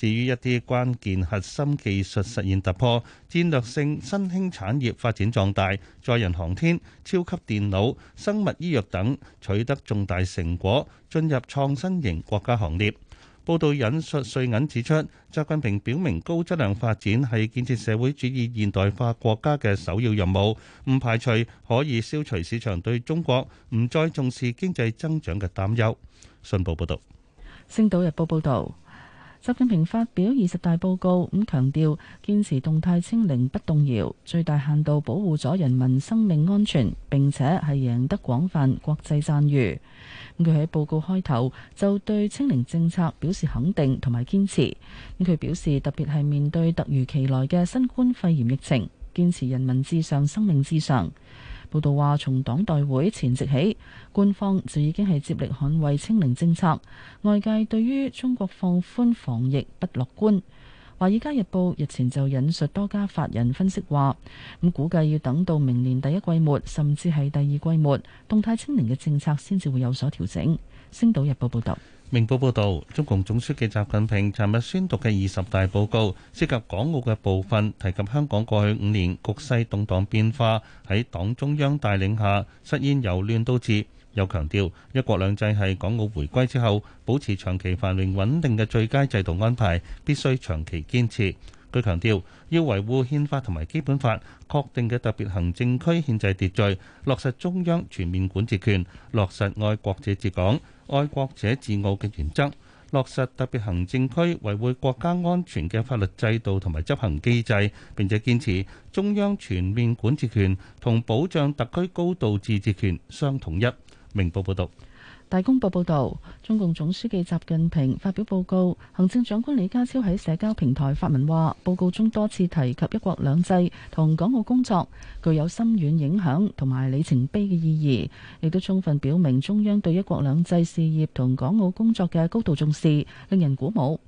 至於一啲關鍵核心技術實現突破，戰略性新興產業發展壯大，載人航天、超級電腦、生物醫藥等取得重大成果，進入創新型國家行列。報道引述瑞、瑞銀指出，習近平表明高質量發展係建設社會主義現代化國家嘅首要任務，唔排除可以消除市場對中國唔再重視經濟增長嘅擔憂。信報報導，《星島日報》報導。習近平發表二十大報告，咁強調堅持動態清零不動搖，最大限度保護咗人民生命安全，並且係贏得廣泛國際讚譽。佢喺報告開頭就對清零政策表示肯定同埋堅持。佢表示，特別係面對突如其來嘅新冠肺炎疫情，堅持人民至上、生命至上。報道話，從黨代會前夕起，官方就已經係接力捍衛清零政策。外界對於中國放寬防疫不樂觀。《華爾街日報》日前就引述多家法人分析話，咁估計要等到明年第一季末，甚至係第二季末，動態清零嘅政策先至會有所調整。《星島日報》報道。明報報導，中共總書記習近平尋日宣讀嘅二十大報告，涉及港澳嘅部分提及香港過去五年局勢動盪變化，喺黨中央帶領下實現由亂到治。又強調一國兩制係港澳回歸之後保持長期繁榮穩定嘅最佳制度安排，必須長期堅持。佢強調要維護憲法同埋基本法確定嘅特別行政區憲制秩序，落實中央全面管治權，落實愛國者治港、愛國者治澳嘅原則，落實特別行政區維護國家安全嘅法律制度同埋執行機制，並且堅持中央全面管治權同保障特區高度自治權相統一。明報報道。大公報報導，中共總書記習近平發表報告，行政長官李家超喺社交平台發文話，報告中多次提及一國兩制同港澳工作具有深遠影響同埋里程碑嘅意義，亦都充分表明中央對一國兩制事業同港澳工作嘅高度重視，令人鼓舞。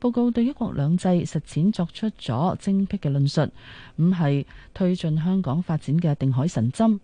報告對一國兩制實踐作出咗精闢嘅論述，五係推進香港發展嘅定海神針。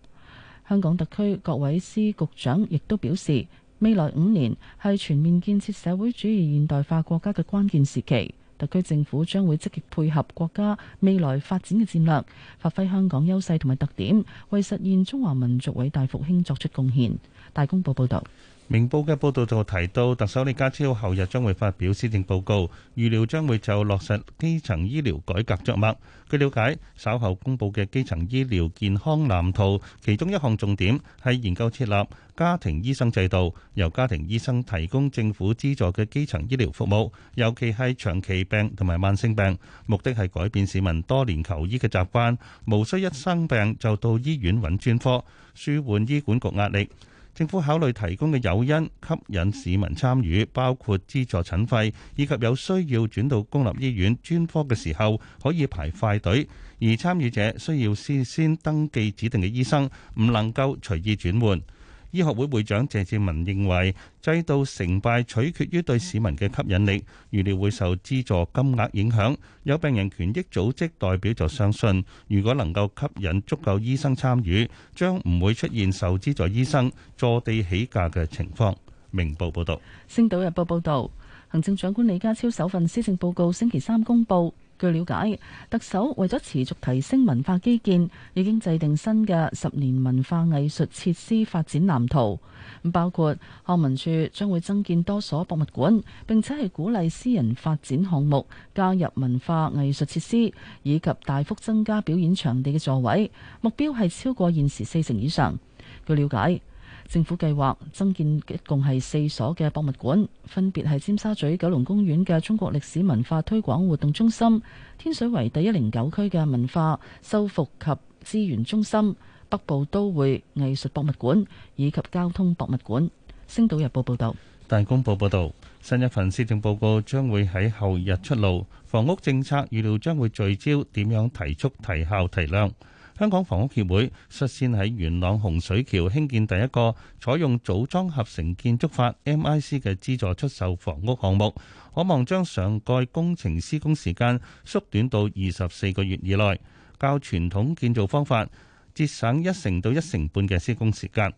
香港特區各位司局長亦都表示。未來五年係全面建設社會主義現代化國家嘅關鍵時期，特區政府將會積極配合國家未來發展嘅戰略，發揮香港優勢同埋特點，為實現中華民族偉大復興作出貢獻。大公報報道。明報嘅報道就提到特首李家超後日將會發表施政報告，預料將會就落實基層醫療改革著墨。據了解，稍後公布嘅基層醫療健康藍圖，其中一項重點係研究設立家庭醫生制度，由家庭醫生提供政府資助嘅基層醫療服務，尤其係長期病同埋慢性病，目的係改變市民多年求醫嘅習慣，無需一生病就到醫院揾專科，舒緩醫管局壓力。政府考慮提供嘅誘因吸引市民參與，包括資助診費，以及有需要轉到公立醫院專科嘅時候可以排快隊。而參與者需要事先登記指定嘅醫生，唔能夠隨意轉換。醫學會會長謝志文認為，制度成敗取決於對市民嘅吸引力，預料會受資助金額影響。有病人權益組織代表就相信，如果能夠吸引足夠醫生參與，將唔會出現受資助醫生坐地起價嘅情況。明報報道，星島日報報道，行政長官李家超首份施政報告星期三公佈。據了解，特首為咗持續提升文化基建，已經制定新嘅十年文化藝術設施發展藍圖。咁包括康文處將會增建多所博物館，並且係鼓勵私人發展項目加入文化藝術設施，以及大幅增加表演場地嘅座位，目標係超過現時四成以上。據了解。政府計劃增建一共係四所嘅博物館，分別係尖沙咀九龍公園嘅中國歷史文化推廣活動中心、天水圍第一零九區嘅文化修復及資源中心、北部都會藝術博物館以及交通博物館。星島日報報道。大公報報道，新一份施政報告將會喺後日出爐，房屋政策預料將會聚焦點樣提速、提效、提量。香港房屋協會率先喺元朗洪水橋興建第一個採用組裝合成建築法 （MIC） 嘅資助出售房屋項目，可望將上蓋工程施工時間縮短到二十四個月以內，較傳統建造方法節省一成到一成半嘅施工時間。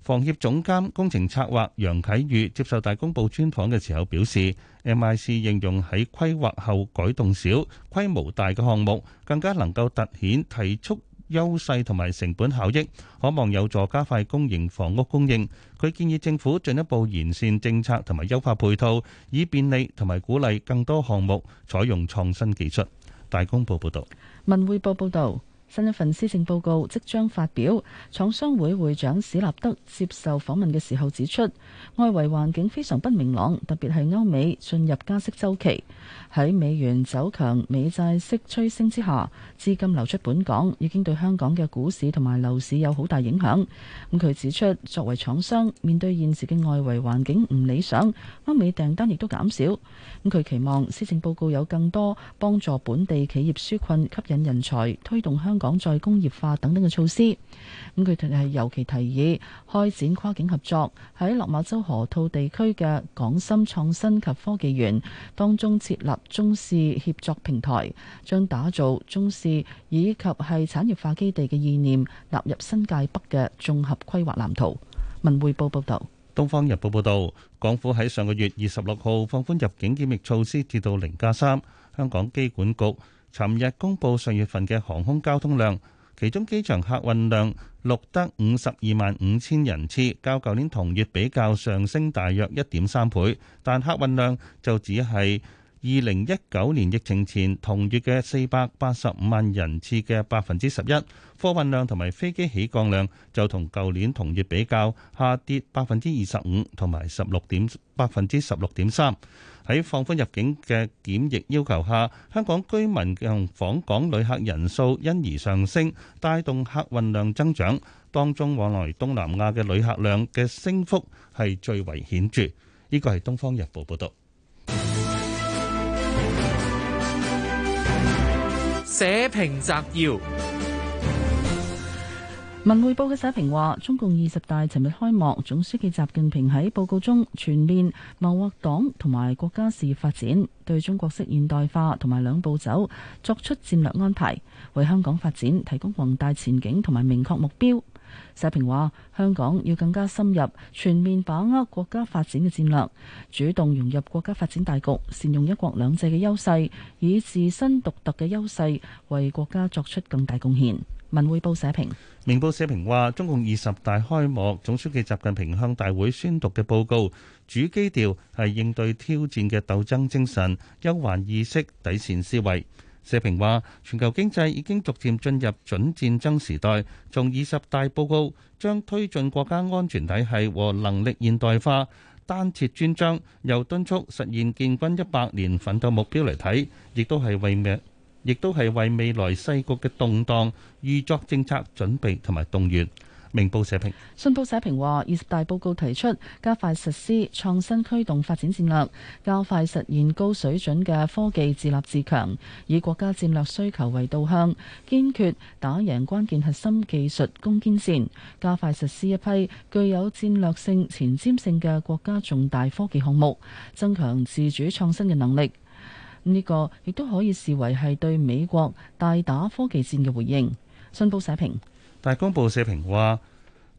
房協總監工程策劃楊啟宇接受大公報專訪嘅時候表示，MIC 應用喺規劃後改動少、規模大嘅項目，更加能夠突顯提速優勢同埋成本效益，可望有助加快公營房屋供應。佢建議政府進一步完善政策同埋優化配套，以便利同埋鼓勵更多項目採用創新技術。大公報報道。文匯報報道。新一份施政報告即將發表，廠商會會長史立德接受訪問嘅時候指出，外圍環境非常不明朗，特別係歐美進入加息周期，喺美元走強美債息飆升之下，資金流出本港已經對香港嘅股市同埋樓市有好大影響，咁佢指出，作為廠商面對現時嘅外圍環境唔理想，歐美訂單亦都減少。咁佢期望施政報告有更多幫助本地企業紓困、吸引人才、推動香。港再工業化等等嘅措施，咁佢哋係尤其提議開展跨境合作，喺落馬洲河套地區嘅港深創新及科技園當中設立中試協作平台，將打造中試以及係產業化基地嘅意念納入新界北嘅綜合規劃藍圖。文匯報報道，東方日報報道，港府喺上個月二十六號放寬入境檢疫措施，至到零加三，3，香港機管局。尋日公布上月份嘅航空交通量，其中機場客運量錄得五十二萬五千人次，較舊年同月比較上升大約一點三倍，但客運量就只係二零一九年疫情前同月嘅四百八十五萬人次嘅百分之十一。貨運量同埋飛機起降量就同舊年同月比較下跌百分之二十五，同埋十六點百分之十六點三。喺放寬入境嘅檢疫要求下，香港居民同訪港旅客人數因而上升，帶動客運量增長。當中往來東南亞嘅旅客量嘅升幅係最為顯著。呢個係《東方日報》報導。社評摘要。文匯報嘅社評話，中共二十大尋日開幕，總書記習近平喺報告中全面謀劃黨同埋國家事業發展，對中國式現代化同埋兩步走作出戰略安排，為香港發展提供宏大前景同埋明確目標。社評話，香港要更加深入全面把握國家發展嘅戰略，主動融入國家發展大局，善用一國兩制嘅優勢，以自身獨特嘅優勢為國家作出更大貢獻。文匯報社評，明報社評話中共二十大開幕，總書記習近平向大會宣讀嘅報告，主基調係應對挑戰嘅鬥爭精神、憂患意識、底線思維。社評話，全球經濟已經逐漸進入準戰爭時代，從二十大報告將推進國家安全體系和能力現代化單設專章，又敦促實現建軍一百年奮鬥目標嚟睇，亦都係為咩？亦都係為未來世局嘅動盪預作政策準備同埋動員。明報社評，信報社評話：二十大報告提出加快實施創新驅動發展戰略，加快實現高水準嘅科技自立自強，以國家戰略需求為導向，堅決打贏關鍵核心技術攻堅戰，加快實施一批具有戰略性前瞻性嘅國家重大科技項目，增強自主創新嘅能力。呢個亦都可以視為係對美國大打科技戰嘅回應。信報社評，大公報社評話，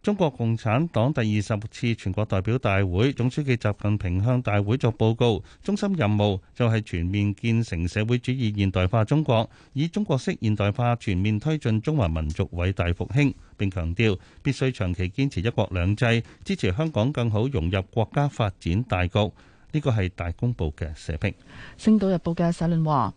中國共產黨第二十次全國代表大會總書記習近平向大會作報告，中心任務就係全面建成社會主義現代化中國，以中國式現代化全面推進中華民族偉大復興，並強調必須長期堅持一國兩制，支持香港更好融入國家發展大局。呢個係大公報嘅社評，《星島日報》嘅社論話：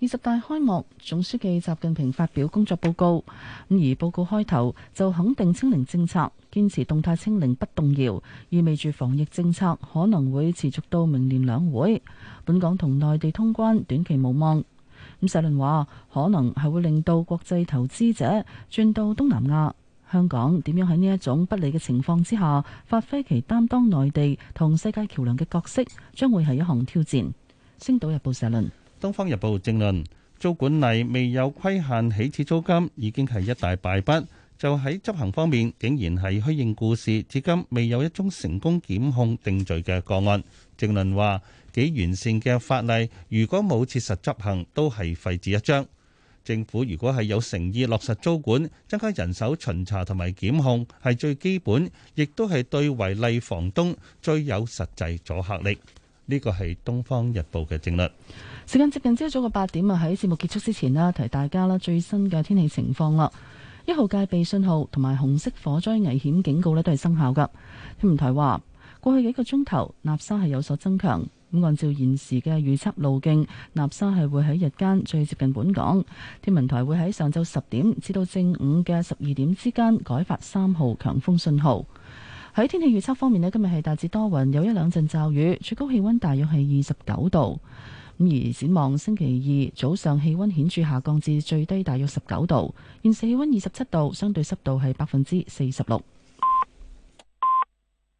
二十大開幕，總書記習近平發表工作報告，咁而報告開頭就肯定清零政策，堅持動態清零不動搖，意味住防疫政策可能會持續到明年兩會。本港同內地通關短期無望。咁社論話，可能係會令到國際投資者轉到東南亞。香港點樣喺呢一種不利嘅情況之下，發揮其擔當內地同世界橋樑嘅角色，將會係一項挑戰。星島日報社論，東方日報政論：租管例未有規限起始租金，已經係一大敗筆，就喺執行方面，竟然係虛應故事，至今未有一宗成功檢控定罪嘅個案。政論話，幾完善嘅法例，如果冇切實執行，都係廢紙一張。政府如果係有誠意落實租管，增加人手巡查同埋檢控，係最基本，亦都係對違例房東最有實際阻嚇力。呢個係《東方日報》嘅正論。時間接近朝早嘅八點啊，喺節目結束之前啦，提大家啦最新嘅天氣情況啦。一號戒備信號同埋紅色火災危險警告呢都係生效㗎。天文台話，過去幾個鐘頭，納沙係有所增強。咁按照現時嘅預測路徑，納沙係會喺日間最接近本港。天文台會喺上晝十點至到正午嘅十二點之間改發三號強風信號。喺天氣預測方面呢，今日係大致多雲，有一兩陣驟雨，最高氣温大約係二十九度。咁而展望星期二早上，氣温顯著下降至最低大約十九度。現時氣温二十七度，相對濕度係百分之四十六。